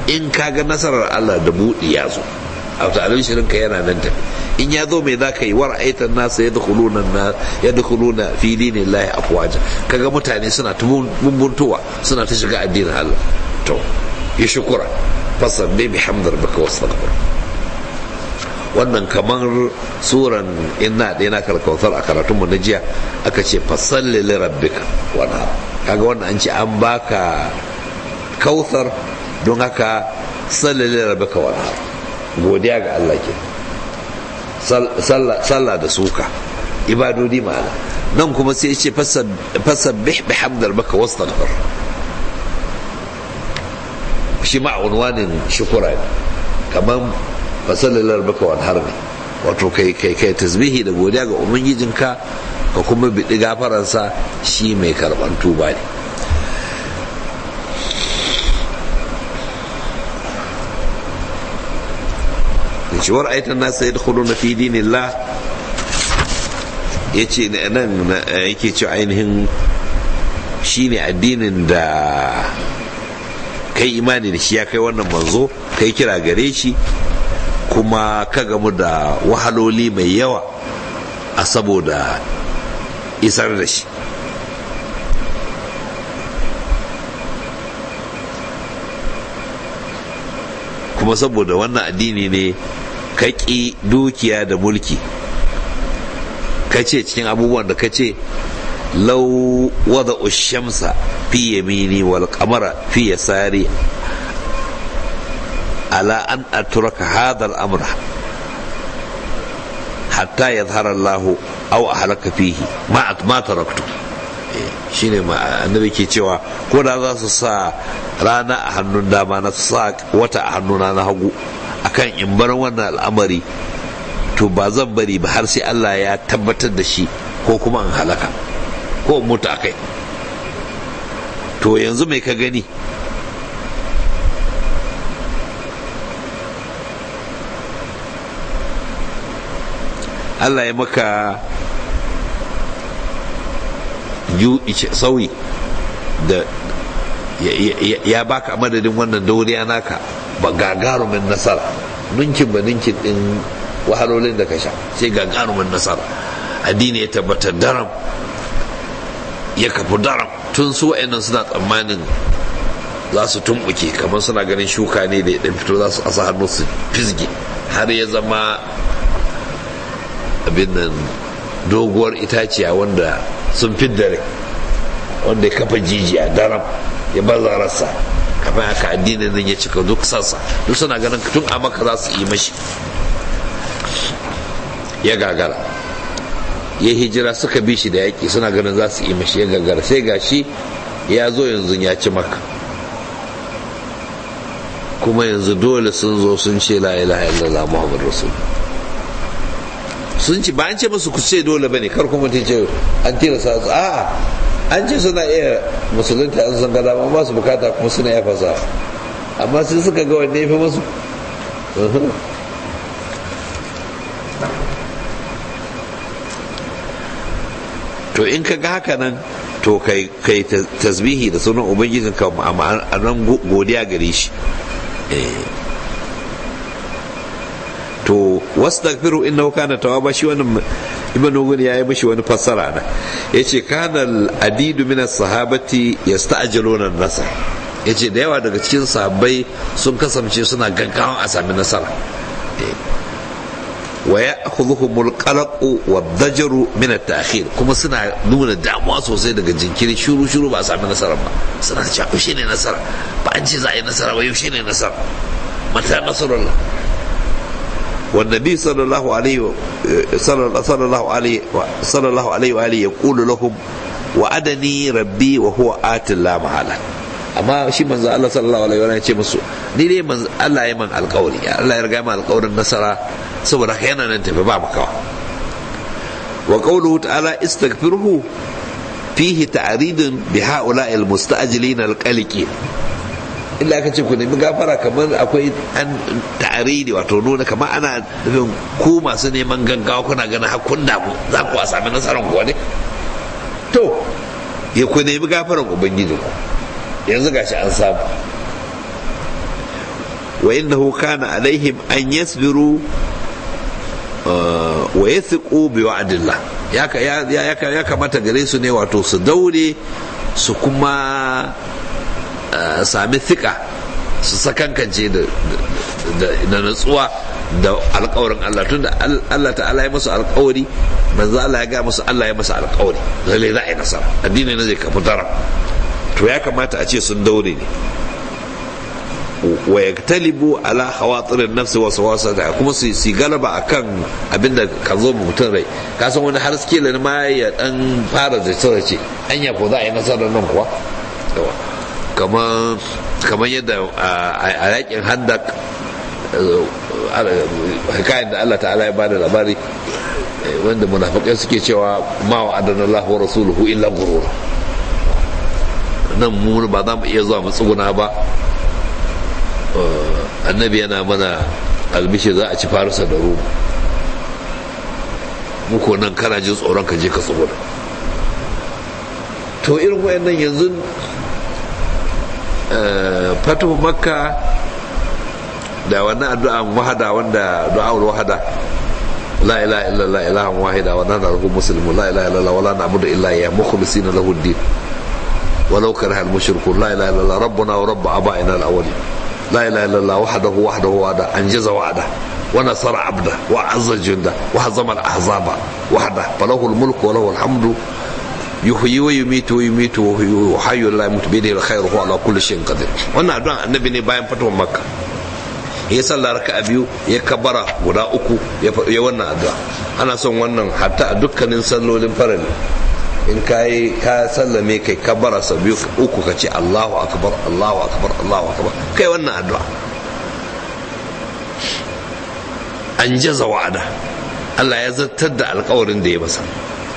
in kaga nasarar Allah da buɗi ya zo a tsarin shirin ka yana nan tafi in ya zo mai za ka yi war aitan nasa ya dukuluna ya fili fi dinin lahi afwaja kaga mutane suna ta mumbuntowa suna ta shiga addinin Allah to yi shukura fasar ne bi hamdar baka wasu wannan kamar suran inna da yana karkautar a karatunmu na jiya aka ce fasalli li rabbika wannan kaga wannan an ce an baka kautar don haka salli rabbika wannan godiya ga Allah ke sallah da suka ibadodi ma'ana nan kuma sai ce fasabbih hamdar baka wastaghfir shi ma unwanin shukura ne kamar fasallalar baka wanhar ne wato kai kai kai tasbihi da godiya ga ubangijinka ka kuma biɗi gafaransa shi mai karbantu tuba ne shi war da nasa na fi ya yace nan yake ci ainihin shi shine addinin da kai imani da shi ya kai wannan manzo kai kira gare shi kuma ka gamu da wahaloli mai yawa a saboda isar da shi kuma saboda wannan addini ne ka ƙi dukiya da mulki ka ce cikin abubuwan da ka ce lau wada ushamsa fi yamini wal kamara fi yasari ala an aturaka hadar amra hatta ya zahara Allahu au a fihi ma ma taraktu eh, shine ma annabi ke cewa ko da za su sa rana a hannun dama na su sa wata a hannuna na hagu Kan in bar wannan al'amari to ba zan bari ba har sai Allah ya tabbatar da shi ko kuma in halaka ko in mutu to yanzu mai ka gani Allah ya maka sauyi da ya baka madadin wannan dauriya naka ba gagarumin nasara ninkin ba ninkin din wahalolin da ka sha sai ga garumin nasara addini ya tabbata daram ya kafu daram tun su wa'annan suna tsammanin za su tumbuke kamar suna ganin shuka ne da ya fito za su asa hannu su fizge har ya zama abin nan doguwar itaciya wanda sun fidda wanda ya kafa jijiya daram ya baza rasa kamar haka addinin nan ya cika duk sassa duk suna ganin tun a maka za su yi mashi ya gagara ya hijira suka bi shi da yaƙi suna ganin za su yi mashi ya gagara sai gashi ya zo yanzu ya ci maka kuma yanzu dole sun zo sun ce la ilaha illallah muhammad rasul sun ci ba an ce musu ku ce dole bane kar kuma ce an tilasta a an ce suna iya musulunta an sun gada ba su bukata kuma suna ya fasa amma sun suka ga ya fi masu to in ka ga haka nan to kai tasbihi da sunan ubangijinka a ma'anar godiya gare shi eh. wastaghfiru innahu kana tawwaba shi wannan ibnu gun yayi mishi wani fassara na yace kana al-adidu min as-sahabati yasta'jiluna an-nasr yace da yawa daga cikin sahabbai sun kasance suna gaggawa a sami nasara wa ya'khudhuhum al-qalaq wa ad-dajr min at-ta'khir kuma suna nuna damuwa sosai daga jinkiri shuru shuru ba a sami nasara ba suna cewa yaushe ne nasara ba an ce za a yi nasara ba yaushe ne nasara mata nasarullah والنبي صلى الله عليه و... صلى الله عليه صلى الله عليه يقول لهم وعدني ربي وهو آت لا محالة amma shi manzo Allah sallallahu alaihi wasallam ya ce musu ni dai manzo Allah ya man alƙawari Allah ya riga man alƙawarin nasara saboda haka yana nan tafi ba makawa wa qawluhu ta'ala istaghfirhu fihi ta'ridun bi ha'ula'il musta'jilin alqaliqin illa aka ce ku nemi gafara kamar akwai an ta'aridi wato nuna kamar ana nufin ku masu neman gangawa kuna ganin hakun damu za ku a sami nasarar ku ne to ya ku nemi gafaran ubangiji ku yanzu gashi an samu wa innahu kana alaihim an yasbiru uh, wa yathiqu bi wa'dillah ya ya ya kamata gare su ne wato su daure su kuma sami thika su sakankance da natsuwa da alkawarin Allah tun da Allah ta'ala ya musu alkawari manzo Allah ya ga musu Allah ya musu alkawari lalle za a yi nasara addini ne zai kafa dara to ya kamata a ce sun daure ne wa yaktalibu ala hawatirin nafsi wa sawasata kuma su si galaba akan abinda ka zo mutun rai ka san wani har skila ma ya dan fara zace zace anya ko za a yi nasara nan kuwa kamar yadda a yakin handak eh, hikayen da Allah ta'ala ya ba da labari eh, wanda munafakar suke cewa ma wa adana Allah wa rasuluhu illa gurur nan mu ba za mu iya zuwa mu tsuguna ba eh, annabi yana mana albishi za a ci farisa da rumu muku nan kana jin tsoron ka je ka tsuguna to irin wayannan yanzu Eh, fatuhu makka da wannan addu'an wahada wanda du'a'ul wahada la ilaha illallah ilahan wahida wa nana lahu muslimun la ilaha illallah wa la na'budu illa mukhlisina lahu ad-din yuhyi wa yumitu wa yumitu wa huwa hayyul la yamutu bi yadihi alkhayru huwa ala kulli shay'in qadir wannan addu'an annabi ne bayan fatuwar makka ya sallar raka a biyu ya kabara guda uku ya wannan addu'a ana son wannan hatta a dukkanin sallolin farin. in ka yi ka sallame kai kabara sa biyu uku ka ce Allahu akbar Allahu akbar Allahu akbar kai wannan addu'a an jaza wa'ada Allah ya zartar da alkawarin da ya masa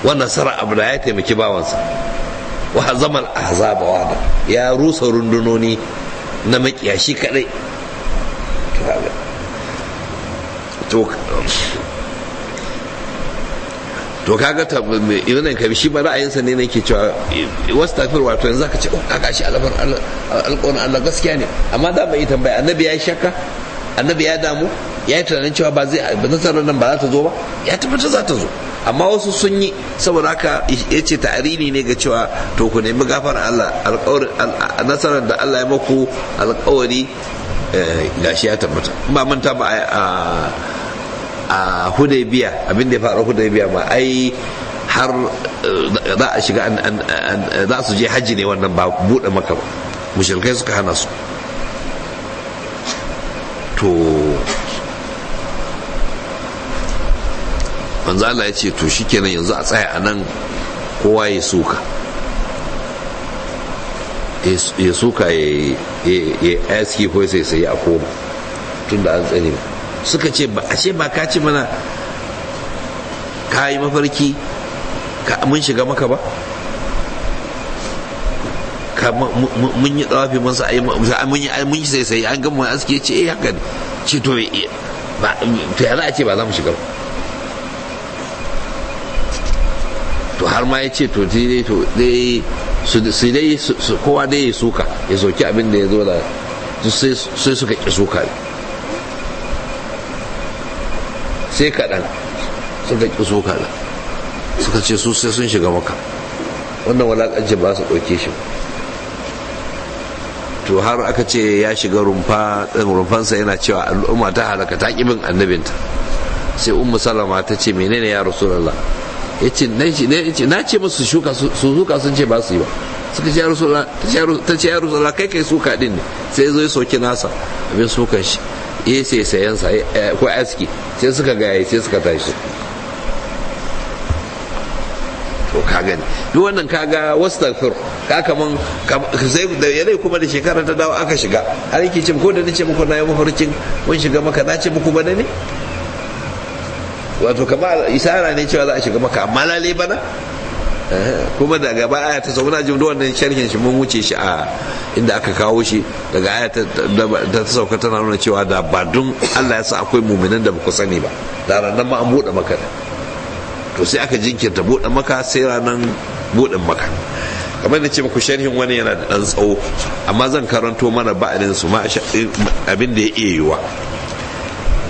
wannan sara da ya taimaki bawansa wa zaman ahzaba wahda ya rusa rundunoni na makiyashi kadai to kaga ibn kabi shi ba sa ne nake cewa wasu tafiyar wato yanzu zaka ce oh, a gashi alabar alƙon Allah gaskiya ne amma da bai tambaya annabi ya shakka annabi ya damu ya yi tunanin cewa ba zai ba nasarar nan ba za ta zo ba ya tabbatar za ta zo amma wasu sun yi saboda haka ya ce ta'arini ne ga cewa to ku nemi gafar Allah nasarar da Allah ya maku alkawari eh, shi ya tabbata ba manta ba a hudaybiya abin da ya faru hudaybiya ma ai har eh, za a shiga za su je hajji ne wannan ba buɗe maka ba mushrikai suka hana su to manzo Allah ya ce to shikenan yanzu a tsaya a nan kowa ya suka ya suka ya aski ko sai sai a koma tun da an tsane suka ce ba a ce ba ka ci mana ka yi mafarki mun shiga maka ba mun yi tsawafi mun sa mun yi mun yi sai sai an gama aski ya ce eh haka ne ce to ba to ya a ce ba za mu shiga ba har ma ya ce to dai to dai su dai su kowa dai ya suka ya soki abin da ya zo da sai suka ki suka sai kaɗan suka ki suka suka ce su sai sun shiga maka wannan walakanci ba su ɗauke shi to har aka ce ya shiga rumfa rumfansa yana cewa al'umma ta halaka ta ƙi bin annabinta sai umma salama ta ce menene ya rasulullah yace na ce musu shuka su suka sun ce ba su yi ba suka ce ya rasulullah ta ce ya rasulullah kai kai suka din ne sai zai zo ya soki nasa abin sukan shi ya sai sayan sa eh, ko aski sai suka gaya sai suka tashi to ka gani duk wannan kaga wastaghfir ka kaman sai da yanayi kuma da shekara ta dawo aka shiga har yake ce ko da nace muku na yi mafarkin mun shiga maka na ce muku ba ne wato kama isara ne cewa za a shiga maka amma lalai bana eh, kuma daga ba aya ta na jin wannan sharhin shi mun wuce shi a inda aka kawo shi daga aya ta ta sauka tana nuna cewa da ba dun Allah ya sa akwai muminan da baku sani ba da ranar ma an buɗe maka to sai aka jinkirta buɗe maka sai ranar buɗe maka kamar da ce muku sharhin wani yana da ɗan tsawo amma zan karanto mana ba'adin su ma abin da ya iya yiwa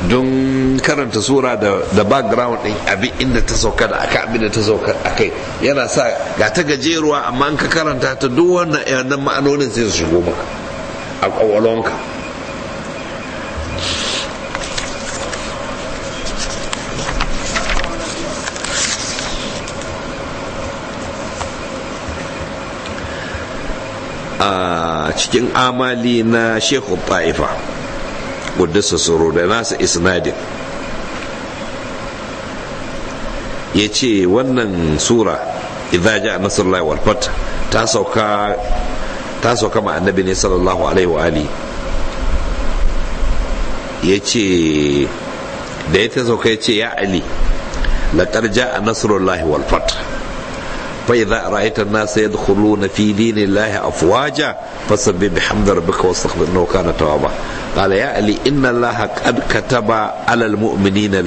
don karanta sura da background din abin inda ta sauka da aka abin da ta sauka a kai. yana sa ga ta gajeruwa amma an ka karanta ta duk wannan yannan eh, ma'anonin sai su shigo maka a kwakwalonka a cikin amali na shehu ta'ifa kudusa tsoro da nasa isnadin ya ce wannan sura idza ja nasrullahi wal fath ta sauka ma annabi ne sallallahu alaihi wa ali ya ce da ya ta sauka ya ce ya ali laƙar ja nasrullahi wal walfat fa idza ra'aita an-nas yadkhuluna fi dinillahi afwaja fasabbih bihamdi rabbika wastaghfirhu kana tawwaba qala ya ali inna 'ala al-mu'minina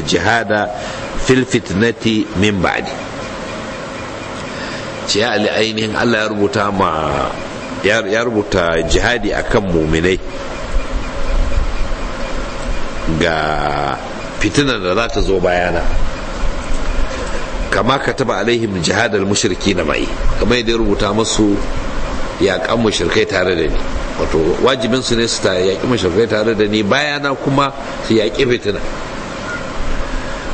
ce ya ainihin Allah ya rubuta ma jihadi akan muminai ga fitinar da za ta zo bayana kama ka taba alaihim jihadal mushriki na mai kamar yadda rubuta masu yaƙan mushrikai tare da ni wato wajibin su ne su ta yaƙi mushrikai tare da ni bayana kuma su yaƙi fitina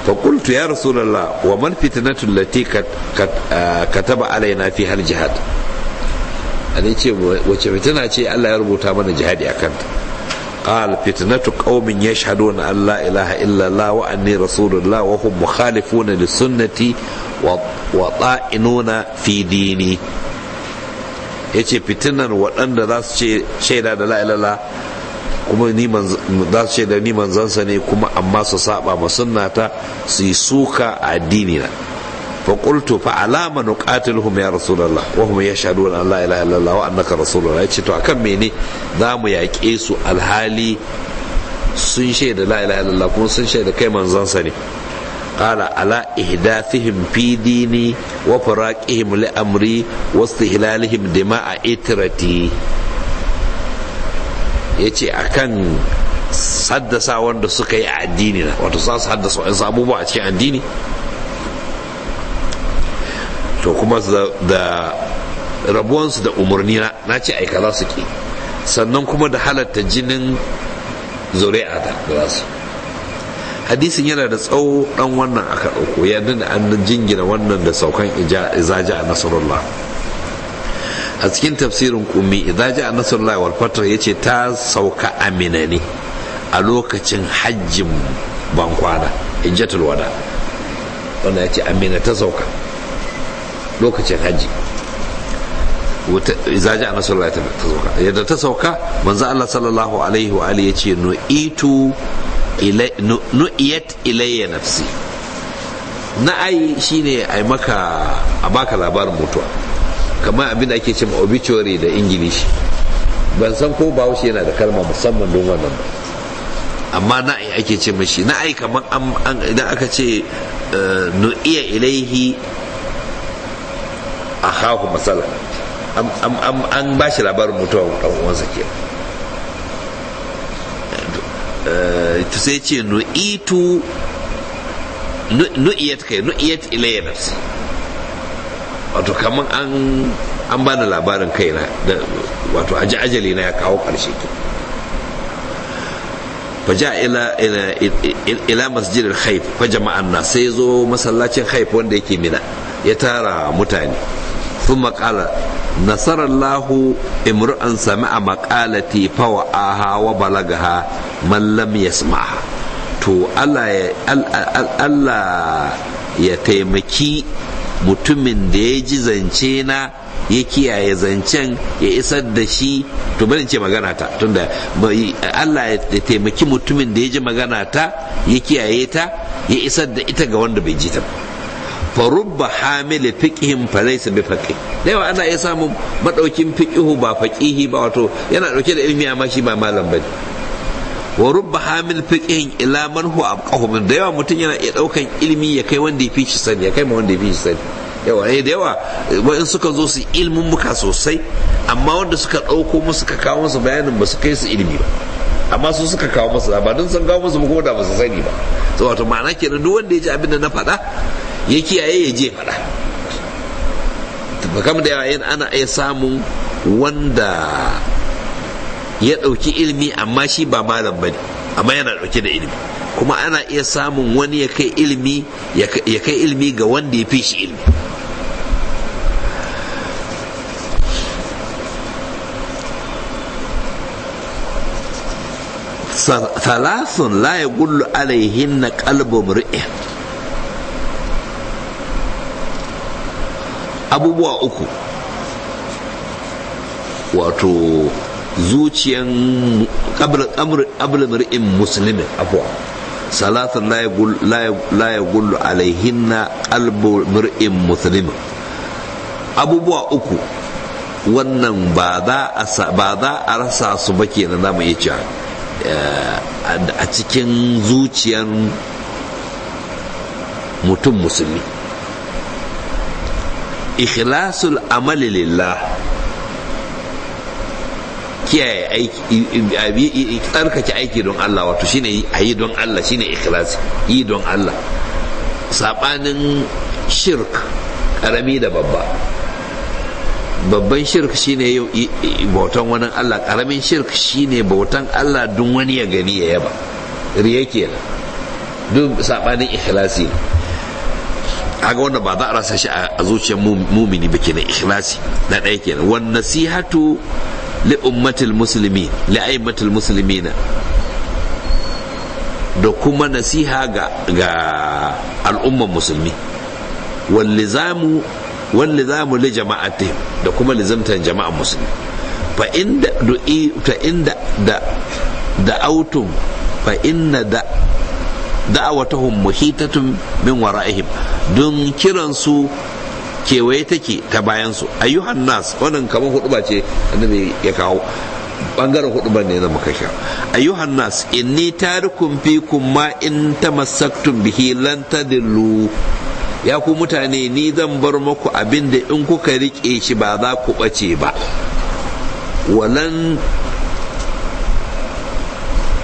fa qultu ya rasulullah wa man fitnatu allati kataba alaina fi hal jihad ani ce wace fitina ce Allah ya rubuta mana jihadi akan ta قال فتنة قوم يشهدون أن لا إله إلا الله وأني رسول الله وهم مخالفون لسنتي وطائنون في ديني yace fitinan waɗanda za su shaida da la'ilala kuma za su shaida ni manzansa ne kuma amma su saba ma sunnata su yi suka a na. fa fa alama nuqatiluhum ya rasulullah wa hum yashhaduna an la ilaha illallah wa annaka rasulullah yace to akan mene zamu yaƙe su alhali sun shaida la ilaha illallah kuma sun shaida kai sa ne قال على إهدافهم في ديني وفراقهم لأمري واستهلالهم دماء إترتي yace akan haddasa wanda suka yi addini na wato su haddasa wa'insu abubuwa a cikin addini to kuma da rabuwansu da umarni na ce aika za su ke sannan kuma da halatta jinin zuri'a da za su hadisin yana da tsawo dan wannan aka ɗauko yadda da an jingina wannan da saukan izaja a nasarullah a cikin tafsirin kumi izaja a nasarullah wal fatar ya ce ta sauka amina ne a lokacin hajjin bankwana hijjatul wada ya ce amina ta sauka lokacin hajji za ji a nasarar ta sauka yadda ta sauka manzo Allah sallallahu alaihi wa alihi yace nu'itu nu'iyat ilayya nafsi ai shine ai maka a baka labarin mutuwa kamar abin da ake cewa obituary da ingilishi ban san ko wuce yana da kalma musamman don wannan ba amma ai ake ce mashi ai kamar idan aka ce eh, nu'iya ilaihi a haku matsala an ba shi labarin mutuwa ɗan uwansa ke eh, ta sai ce nu'itu nu'iyat kai nu'iyat ilayya nafsi wato kamar an an bani labarin kaina wato aji ajali na ya kawo ƙarshe ke faja ila ila masjidil khayf fa jama'an na sai zo masallacin khayf wanda yake mina ya tara mutane ثم قال نصر الله امرؤا سمع مقالتي فوعاها وبلغها من لم يسمعها to Allah ya taimaki mutumin da ya ji zance na ya kiyaye zancen ya isar da shi to bari ce magana ta tunda Allah ya taimaki mutumin da ya ji magana ta ya kiyaye ta ya isar da ita ga wanda bai ji ta ba farubba hamile fiqhin fa laysa bi faqih da yawa ana iya samun madaukin fiqihu ba faqihi ba wato yana dauke da ilmi amma shi ba malam bane wa rubba hamil fiqhin ila man huwa abqahu min da yawa mutum yana iya daukan ilmi ya kai wanda ya fi shi sani ya kai ma wanda ya fi shi sani yawa ne eh, da yawa wa'in suka zo su ilmin muka sosai amma wanda suka ɗauko musu ka kawo musu bayanin ba su kai su ilmi ba amma su suka kawo musu ba don sun kawo musu ko da ba su sani ba so wato ma'ana kenan duk wanda ya ji abin da na faɗa ya kiyaye ya je fada da yawa ana iya samun wanda ya ɗauki ilimi amma shi ba malam ba ne amma yana ɗauke da ilimi kuma ana iya samun wani ya kai ilimi ya kai ilimi ga wanda ya fi shi ilimi ثلاث لا يقول عليهن قلب امرئ abubuwa uku wato zuciyan abulmar'in musulmin abuwa salatun la ya gullu alaihinna in musulmin abubuwa uku wannan ba za a rasa su ba na za mu iya cewa eh, a cikin zuciyan mutum musulmi ikhlasul amali lillah kiyaye aiki tsarkake aiki don Allah wato shine a yi don Allah shine ikhlas yi don Allah sabanin shirk karami da babba babban shirk shine bautan wani Allah karamin shirk shine bautan Allah dun wani ya gani ya yaba riya kenan duk sabanin ikhlasi ne kaga wanda ba za a rasa shi a zuciyar mumini ba kenan ikhlasi na ɗaya kenan wan nasihatu li ummatil muslimin li musulmi muslimina da kuma nasiha ga ga al'umman musulmi wal lizamu wal lizamu li jama'ati da kuma lizamtan jama'an musulmi fa inda du'i fa inda da da autum fa inna da da'awatuhum muhitatun min wara'ihim don kiransu kewaye take ta bayan su ayyuhan nas wannan kamar huduba ce annabi ya kawo bangaren huduban ne na muka sha ayyuhan nas inni tarikum fikum ma in tamassaktum bihi lan tadillu ya ku mutane ni zan bar muku abin da in kuka rike shi ba za ku bace ba walan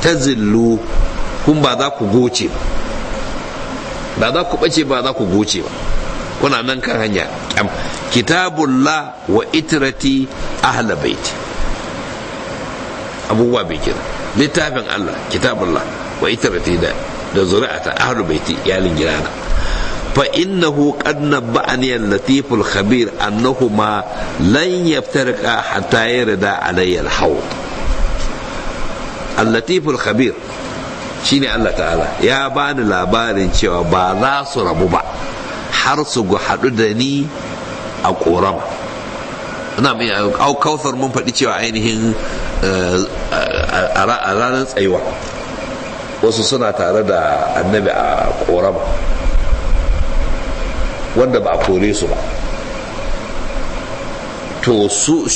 tazillu kun ba za ku goce ba ba za ku bace ba za ku goce ba kuna nan kan hanya kitabullah wa itrati ahla baiti abubuwa bai kira littafin Allah kitabullah wa itrati da da zuri'ata ahlu baiti iyalin gidana fa innahu qad nabba'ani al-latiful khabir annahuma lan yaftariqa hatta yarda alayya al-hawd al khabir shine Allah ta'ala ya bani labarin cewa ba za su rabu ba har su haɗu da ni a ƙorama ina mai kawfar mun faɗi cewa ainihin eh, a ranar tsayuwa wasu suna tare da annabi a ƙorama wanda ba a kore su ba to su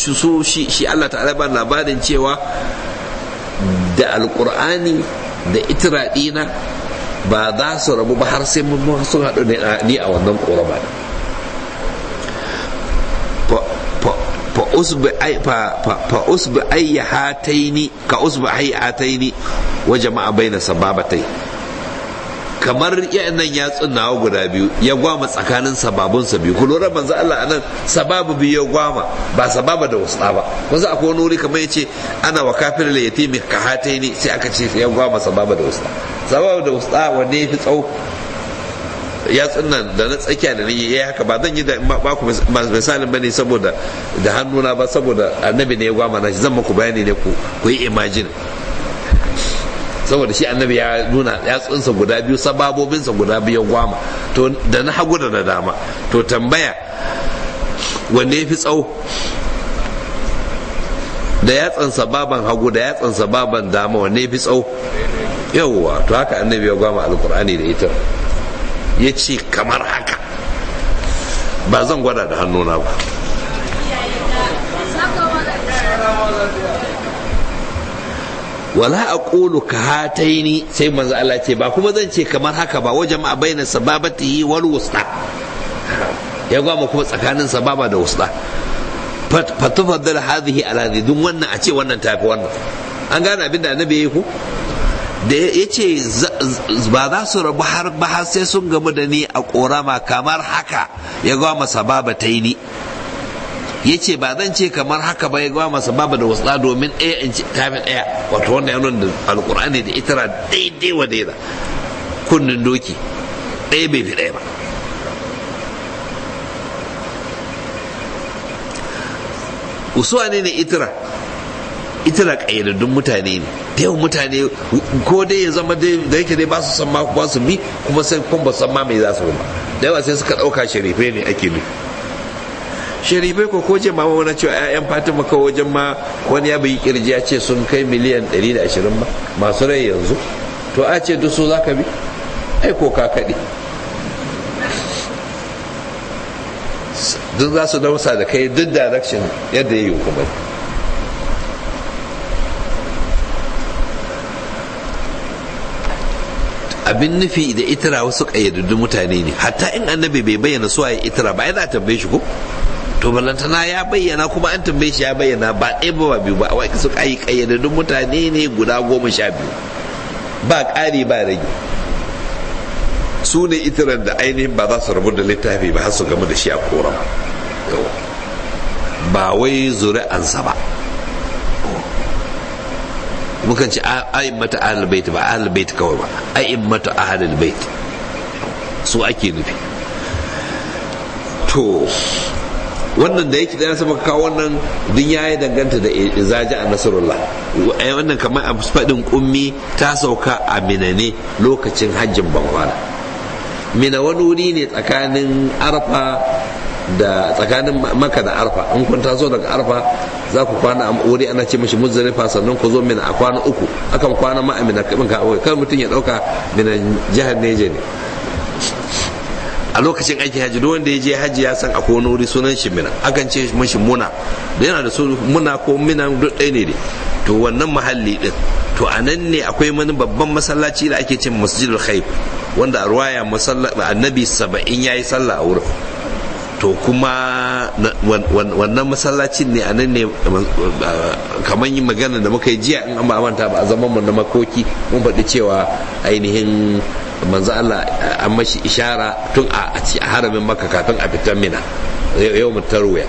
shi Allah ta'ala ba labarin cewa da alƙur'ani da itira ɗina ba za su rabu ba har sai mun sun haɗu ni a wannan ƙorama fa usbi ayyataini ka usbi ayyataini wa jama'a baina sababatai kamar nan ya nawa guda biyu ya gwama tsakanin sababunsa biyu ku lura manzo Allah anan sababu biyu ya gwama ba sababa da wasa ba wasu akwai wani wuri kamar yace ana wa kafir la yatimi ka hataini sai aka ce ya gwama sababa da wasa sababa da wasa wanne yafi tsawo ya nan da na tsakiya da ni yayi eh, haka ba zan yi da ba ku misalin bane saboda da hannuna ba saboda annabi ne ya gwama na zan muku bayani ne ku ku yi imagine saboda shi annabi ya nuna yatsunsa guda biyu sababobinsa guda biyu gwama to da na hagu da na dama to tambaya wanda ya fi tsawo da yatsansa baban hagu da yatsansa baban dama wanne ya fi tsawo yawwa to haka annabi ya gwama alkur'ani da ita ya ce kamar haka ba zan gwada da hannuna ba wala aqulu ka hataini sai manzo Allah ce ba kuma zan ce kamar haka ba wajen ma baina sababati wal wusta ya gwama kuma tsakanin sababa da wusta fatufaddal hadhihi ala dun wannan a ce wannan tafi wannan an gane abin da annabi yayi ku da ya ce ba za su rabu har ba har sai sun gamu da ni a korama kamar haka ya gwama sababa ta ni yace ba zan ce kamar haka ba ya su babu da da domin ɗaya in ci kafin ɗaya wato wanda ya nuna alkur'ani da itara daidai wa daida kunnin doki ɗaya bai fi ɗaya ba usuwa ne ne itara, itara ƙayyadaddun mutane ne da yawan mutane ko dai ya zama da yake dai ba su san ma ba su bi kuma sai kuma ba san ma mai za su ba da yawa sai suka ɗauka shirife ne ake nufi sharibai ko ko ma mama wani cewa 'ya'yan fatima ka wajen ma wani ya bai kirji ya ce sun kai miliyan 120 ba masu rai yanzu to a ce duk su za ka bi ai ko ka kaɗe duk za su dausa da kai duk direction yadda ya yi kuma abin nufi da itira wasu ƙayyadaddun mutane ne hatta in annabi bai bayyana su itira ba ai za a tambaye shi ko to balantana ya bayyana kuma an tambaye shi ya bayyana ba ɗaya ba biyu ba wai su kai kayyadaddun mutane ne guda goma sha biyu ba ƙari ba rage su ne itiran da ainihin ba za su rabu da littafi ba har su gama da shi a koran ba wai zuri'ansa ba mukan ce a'immatu mata bait ba ahlul bait kawai ba a'immatu ahlul bait su ake nufi to wannan da yake da yasa maka kawo wannan din ya danganta da izaji a nasarullah ai wannan kamar a faɗin kummi ta sauka a minane lokacin hajjin bankwana mina wani wuri ne tsakanin arfa da tsakanin maka da arfa in kun taso daga arfa za ku kwana a wuri ana ce mishi muzdalifa sannan ku zo mina a kwana uku akan kwana ma a mina kan mutum ya dauka mina jihar ne a lokacin aikin haji duk wanda ya je haji ya san akwai wani wuri sunan shi mina akan ce mashi muna da yana da sunan muna ko mina duk ɗaya ne to wannan mahalli din to a nan ne akwai wani babban masallaci da ake cin masjidul khayf wanda a ruwaya annabi saba'in ya yi sallah a wurin to kuma wannan masallacin ne a nan ne kamar yin magana da muka yi jiya in an ba manta ba a zaman mu na makoki mun faɗi cewa ainihin manzo Allah an mashi ishara tun a haramin maka kafin a fitan mina yau tarwaya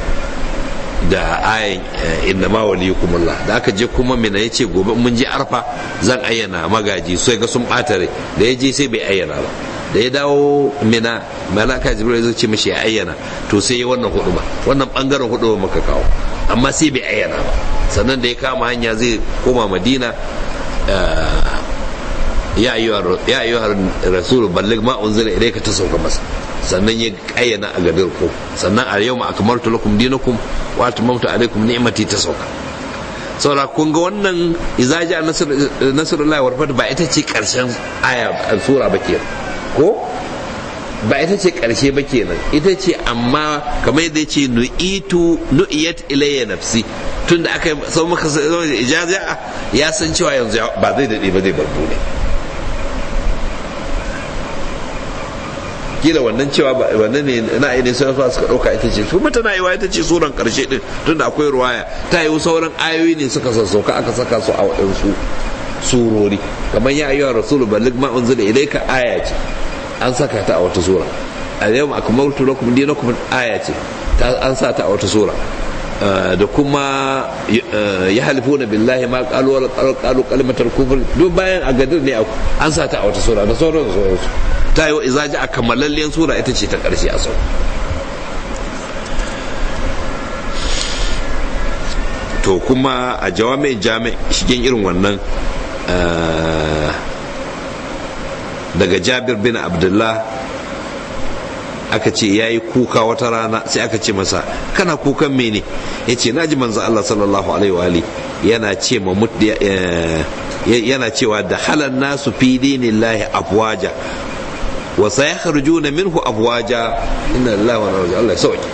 da ayin eh, inna ma waliyikumullah da aka je kuma mina ya ce gobe mun je arfa zan ayyana magaji sai ga sun ɓatare da ya je sai bai ayyana ba da ya dawo mina malaka jibril zai ce mishi ya ayyana to sai ya wannan huduma wannan bangaren huduma muka kawo amma sai bai ayyana ba sannan da ya kama hanya zai koma madina eh, ya ayyuhar rasul balligh ma unzila ilayka ta sauka masa sannan ya kayyana a gadar ku sannan a yau ma akmaltu lakum dinakum wa atmamtu alaykum ni'mati ta sauka saboda kun ga wannan idza ja nasrullahi wal fath ba ita ce karshen aya sura ba kenan ko ba ita ce karshe ba kenan ita ce amma kamar yadda ce nu'itu nu'iyat ilayya nafsi tunda aka sau maka ijaza ya san cewa yanzu ba zai dade ba zai bar duniya kila wannan cewa wannan ne na ainihin sai su suka dauka ita ce kuma tana yiwa ita ce suran karshe din tunda akwai ruwaya ta yi sauran ayoyi ne suka sassauka aka saka su a waɗansu surori kamar ya ayyuwa rasulu balig ma unzila ilayka aya ce an saka ta a wata sura a yau akmaltu lakum dinakum aya ce an sa ta a wata sura da kuma ya halifu na billahi ma kalwar kalu kalmatar kufur duk bayan a gadir ne an sa ta a wata sura da sauran da su. ta yi wa izaji a kamalallen sura ita ce ta karshe a sau to kuma a jawami jami shigen irin wannan daga jabir bin abdullah aka ce ya yi kuka wata rana sai aka ce masa kana kukan mene ya ce na ji manzo Allah sallallahu alaihi wa ali yana ce ma yana cewa da halan nasu fi dinillahi afwaja wa sayakhrujuna minhu afwaja inna lillahi wa inna ilaihi Allah sauki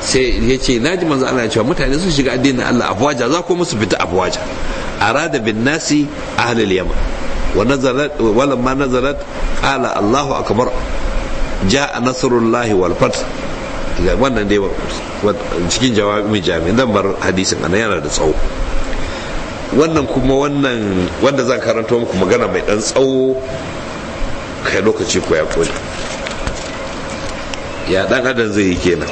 sai ya ce na ji manzo Allah ya wa mutane sun shiga addinin Allah afwaja za ko musu fita afwaja arada bin nasi ahlul yaman ولما نزلت قال Allahu أكبر Ja a nasrullahi lahi walfat wannan dai cikin jawabin jami'in zan bar hadisin ana yana da tsawo wannan kuma wannan wanda zan karanto muku magana mai dan tsawo kai lokaci ko ya koli ya dan adam zai yi kenan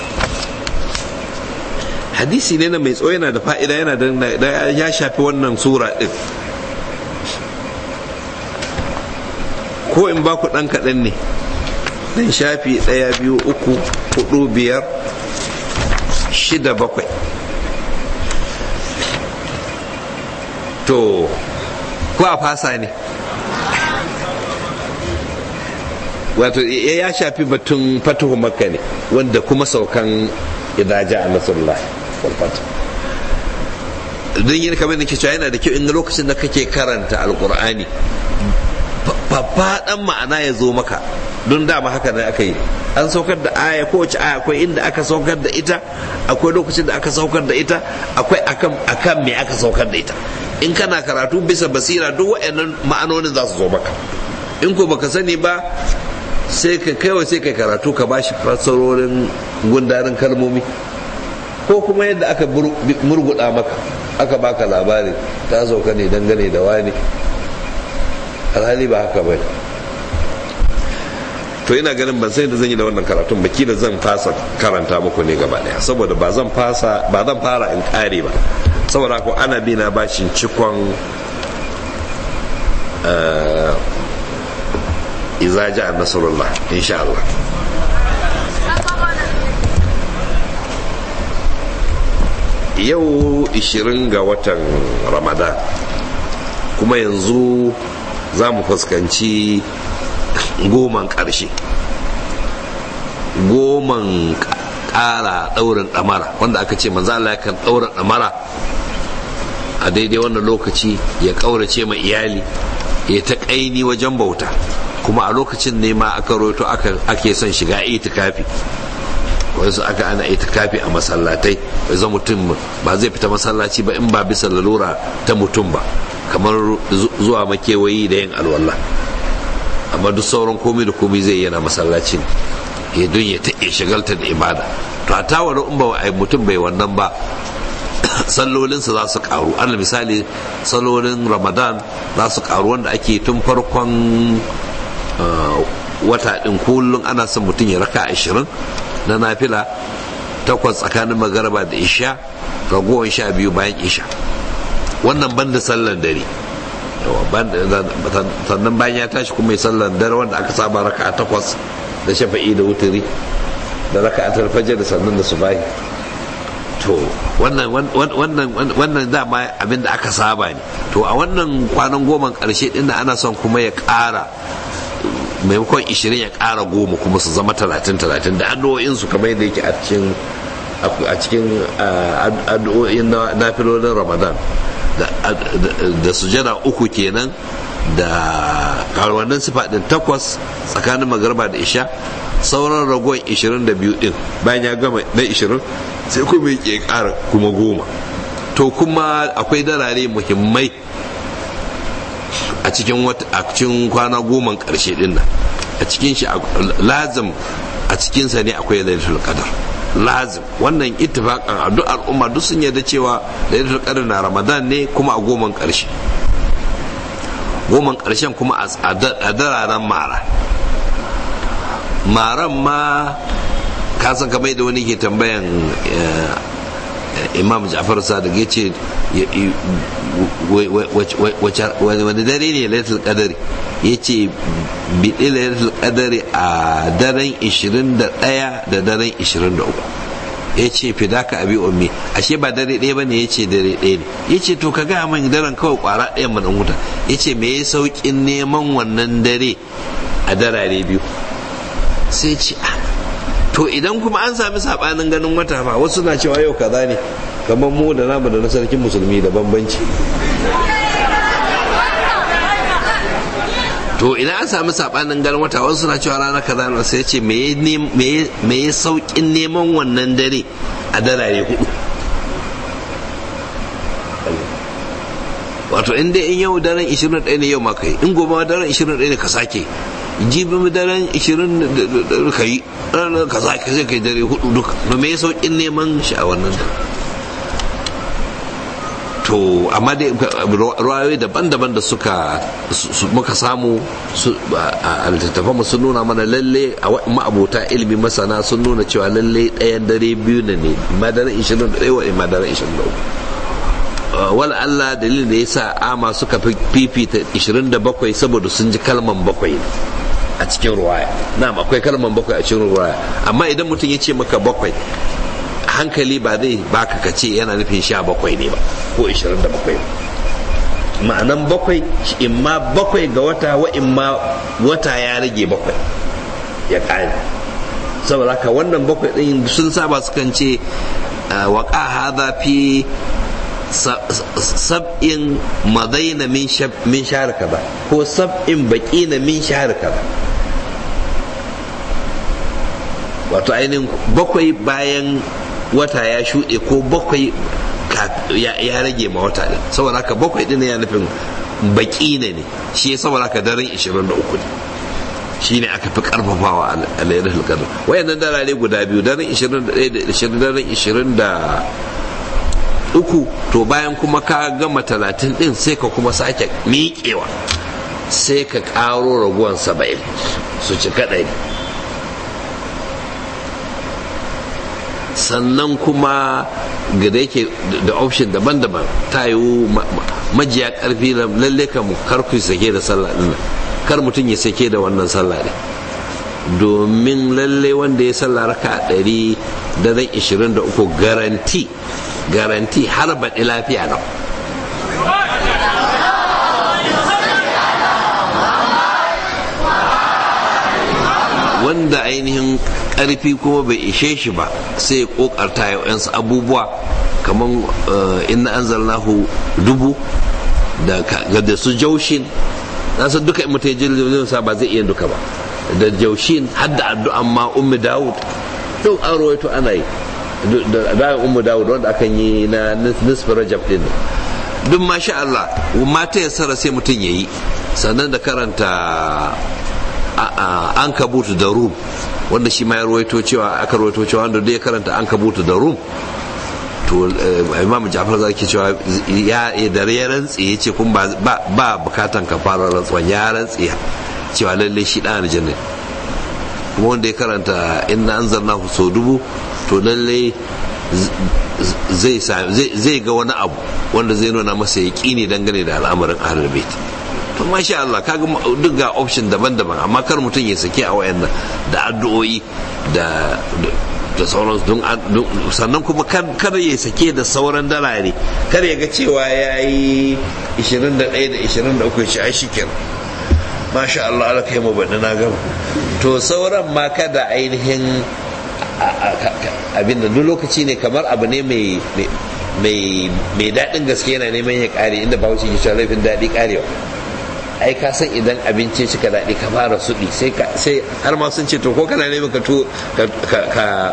hadisi ne na mai tsawo yana da fa'ida yana da ya shafi wannan sura din ko in ba ku dan kaɗan ne ɗan shafi ɗaya biyu uku hudu biyar shida bakwai to ko a fasa ne wato ya shafi batun fatuhu makka ne wanda kuma saukan idaja a nasarullah walfata don yin kamar da ke cewa yana da kyau in lokacin da kake karanta alkur'ani babba dan ma'ana ya zo maka don dama haka ne aka yi an saukar da aya kowace aya akwai inda aka saukar da ita akwai lokacin da aka saukar da ita akwai akan akan me aka saukar da ita in kana karatu bisa basira duk waɗannan ma'anonin za su zo maka in ko baka sani ba sai ka kaiwa sai kai karatu ka bashi fassarorin gundarin kalmomi ko kuma yadda aka murguda maka aka baka labari ta sauka ne dangane da wani alhali ba haka bane to ina ganin ban san da zan yi da wannan karatun ba kila zan fasa karanta muku ne gaba daya saboda ba zan fasa ba zan fara in kare ba saboda ko ana bi na bashin cikon eh, iza ja'a nasrullah insha Allah yau 20 ga watan ramadan kuma yanzu za mu fuskanci goman ƙarshe goman ƙara ɗaurin ɗamara wanda aka ce manzo Allah kan ɗaurin ɗamara a daidai wannan lokaci ya ƙaurace ma iyali ya ta ƙaini wajen bauta kuma a lokacin ne ma aka roto ake son shiga itikafi wasu aka ana itikafi a masallatai wasu mutum ba zai fita masallaci ba in ba bisa lalura ta mutum ba kamar zuwa makewayi da yin alwallah amma duk sauran komai da komai zai yana masallaci ne ya don ya taɓe shagalta da ibada to a tawar in ba mutum bai wannan ba sallolinsa za su karu An misali sallolin ramadan za su karu wanda ake tun farkon uh, wata ɗin kullum ana son mutum ya raka ashirin na nafila takwas tsakanin magaraba da isha ragowar sha biyu bayan isha wannan banda sallan dare sannan bayan ya tashi kuma ya sallar dar wanda aka saba raka a takwas da shafa'i da wuturi da raka a tarfajar da sannan da su bayi to wannan dama abin da aka saba ne to a wannan kwanan goma karshe din ana son kuma ya ƙara maimakon ishirin ya kara goma kuma su zama talatin talatin da addu'o'insu kamar yadda yake a cikin a cikin addu'o'in na filolin ramadan da sujada uku kenan da karwannin sifa din takwas tsakanin magarba da isha sauran ragon 22 din bayan ya gama na 20 sai kuma ya ƙara kuma goma to kuma akwai darare muhimmai a cikin kwana goma karshe din nan a cikin shi lazim a cikinsa ne akwai lailatul qadar lazim wannan ittifaqan a duk al'umma duk sun yarda cewa lailatul qadr na ramadan ne kuma a goman karshe goman karshen kuma a dararen mara maran ma kasan kamar da wani ke tambayan eh, imam ja'far sadiq ya ce wani dare ne lailatul kadari ya ce biɗi lailatul kadari a daren 21 da daren 23 ya ce fi daka abi ummi ashe ba dare ɗaya ba ne ya ce dare ɗaya ne ya ce to ka gaya min daren kawai kwara ɗaya ɗan wuta ya ce me ya sauƙin neman wannan dare a darare biyu sai ce a ah, to idan kuma an sami sabanin ganin wata ba wasu na cewa yau kaza ne kamar mu da namu da na sarkin musulmi da bambanci to idan an sami sabanin ganin wata wasu na cewa ranar kaza ne sai ce me ya saukin neman wannan dare a dalare hudu wato in dai in yau daren 21 ne yau ma yi in gobe daren 21 ne ka sake jibi mu daren 20 ka yi ka zaki zai kai dare hudu duka ba mai saukin neman sha'awar nan to amma dai ruwaye daban-daban da suka muka samu a littattafan sun nuna mana lalle a ma'abota ilimi masana sun nuna cewa lalle ɗayan dare biyu ne ne madaran 21 wa ishirin 23 wal Allah dalilin da ya sa ama suka fifita 27 saboda sun ji kalman bakwai a cikin ruwaya na akwai kalman bakwai a cikin ruwaya amma idan mutum ya ce maka bakwai hankali ba zai baka ka ce yana nufin sha bakwai ne ba ko ishirin da bakwai ma'anan bakwai in ma bakwai ga wata wa in ma wata ya rage bakwai ya kare saboda haka wannan bakwai din sun saba sukan ce ah, waƙa haza fi sab'in madaina min shahar kaza ko sab'in baƙina min shahar kaza wato ainihin bakwai bayan wata ya shuɗe ko bakwai ya rage ma wata ɗin saboda haka bakwai ɗin ya nufin baƙina ne shi ya saboda haka daren 23 ne ne aka fi karfafawa a lailatul nan. wayannan dalale guda biyu daren 21 da daren 23 to bayan kuma ka gama talatin din sai ka kuma sake miƙewa sai ka ƙaro raguwan saba'in su cika ɗari sannan kuma ga da yake da option daban-daban ta yi majiya ƙarfi lalle ka mu karku sake da sallah kar mutum ya sake da wannan sallah domin lalle wanda ya sallah raka ɗari da garanti garanti har baɗi lafiya nan wanda ainihin ƙarfi kuma bai ishe shi ba sai ya ƙoƙarta yansu abubuwa kamar eh, inna hu dubu da su jaushin nasu duka in mutum jirgin sa ba zai iya duka ba da jaushin hadda addu'an ma ummi dawud duk an ana yi bayan ummu dawud wanda akan yi na nisfi rajab din duk masha Allah mata ya sara sai mutum yayi. sannan da karanta an kabutu da rum wanda shi ma ya rawaito cewa aka rawaito cewa wanda dai ya karanta an kabutu da rum to eh, imam jafar zaki cewa ya da ya rantse ya ce kun ba bukatan ka fara rantsuwan ya rantse cewa lalle shi dan aljanna kuma wanda ya karanta inna anzalnahu so dubu to lallai zai ga wani abu wanda zai nuna masa ya ne dangane da al'amarin ahlul bait to masha Allah kaga duk ga option daban-daban amma kar mutum ya sake a wayannan da addu'o'i da da sauran don sannan kuma kada ya sake da sauran dalari kar ya ga cewa ya yi 21 da 23 shi a shikin masha Allah ala kai mu na gaba to sauran ma kada ainihin abin da duk lokaci ne kamar abu ne mai mai daɗin gaske yana neman ya ƙare inda ba wuce cewa laifin daɗi ƙarewa ai ka san idan abinci shi ka daɗi ka fara suɗi sai har ma sun ce to ko kana neman ka ka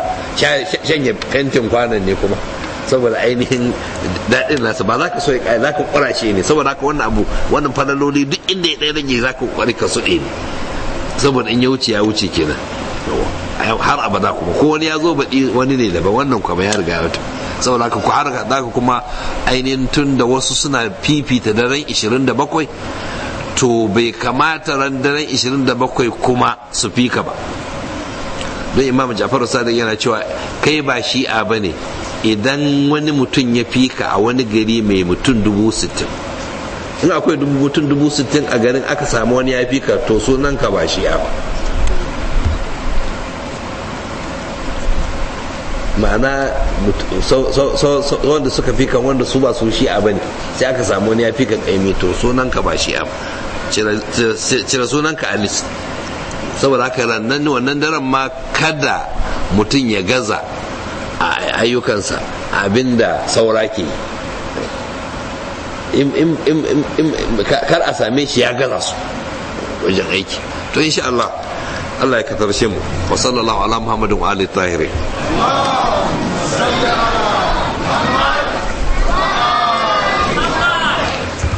shanye fentin kwanan ne kuma saboda ainihin daɗin nasa ba za ka so ya ƙare za ka shi ne saboda haka wannan abu wannan fadaloli duk inda ya ɗaya rage za ka ƙwari ka suɗe ne saboda in ya wuce ya wuce kenan har abada kuma ko wani ya zo baɗi wani ne daban wannan kuma ya riga ya saboda haka ku har daga kuma ainihin tun da wasu suna fifita daren 27 to bai kamata ran daren 27 kuma su fika ba don imam jafaru sadiq yana cewa kai ba shi'a ba ne idan wani mutum ya fika a wani gari mai mutum dubu sittin in akwai mutum dubu sittin a garin aka sami wani ya fika to sunan ka ba shi'a ba ma'ana wanda suka fi kan wanda su ba su a bane sai aka samu wani ya fi ka kaimi to sunan ka ba a cire sunanka ka alis saboda haka rannan wannan daren ma kada mutum ya gaza a ayyukansa abinda saura ke kar a same shi ya gaza su wajen aiki to insha Allah Allah ya katarce mu wa sallallahu ala muhammadin wa alihi tahirin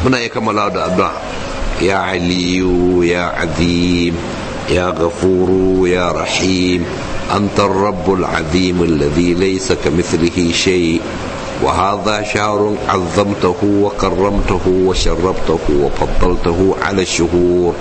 muna iya kammala da addu'a ya aliyu ya azim ya ghafuru ya rahim أنت الرب العظيم الذي ليس كمثله شيء وهذا شهر عظمته وكرمته وشربته وفضلته على الشهور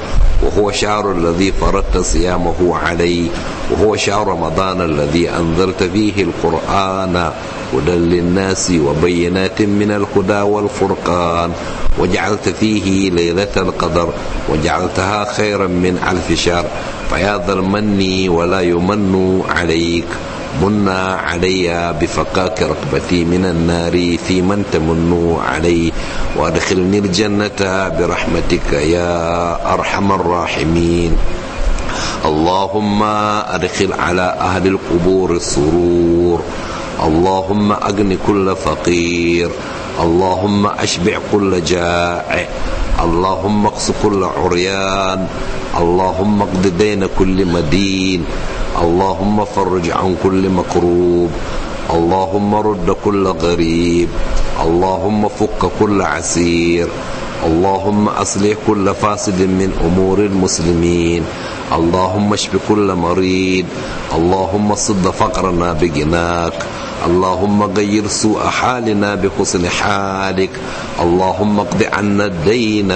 وهو شهر الذي فرضت صيامه عليه وهو شهر رمضان الذي أنزلت فيه القرآن هدى للناس وبينات من الهدى والفرقان وجعلت فيه ليلة القدر وجعلتها خيرا من ألف شهر فيا ذا المن ولا يمن عليك من علي بفقاك ركبتي من النار في من تمن علي وادخلني الجنة برحمتك يا أرحم الراحمين اللهم أدخل على أهل القبور السرور اللهم أغن كل فقير اللهم أشبع كل جائع اللهم اقص كل عريان اللهم اقض دين كل مدين اللهم فرج عن كل مكروب اللهم رد كل غريب اللهم فك كل عسير اللهم أصلح كل فاسد من أمور المسلمين اللهم اشف كل مريض اللهم صد فقرنا بغناك اللهم غير سوء حالنا بحسن حالك اللهم اقض عنا الدين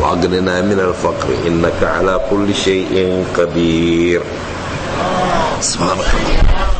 واغننا من الفقر انك على كل شيء قدير سبحانك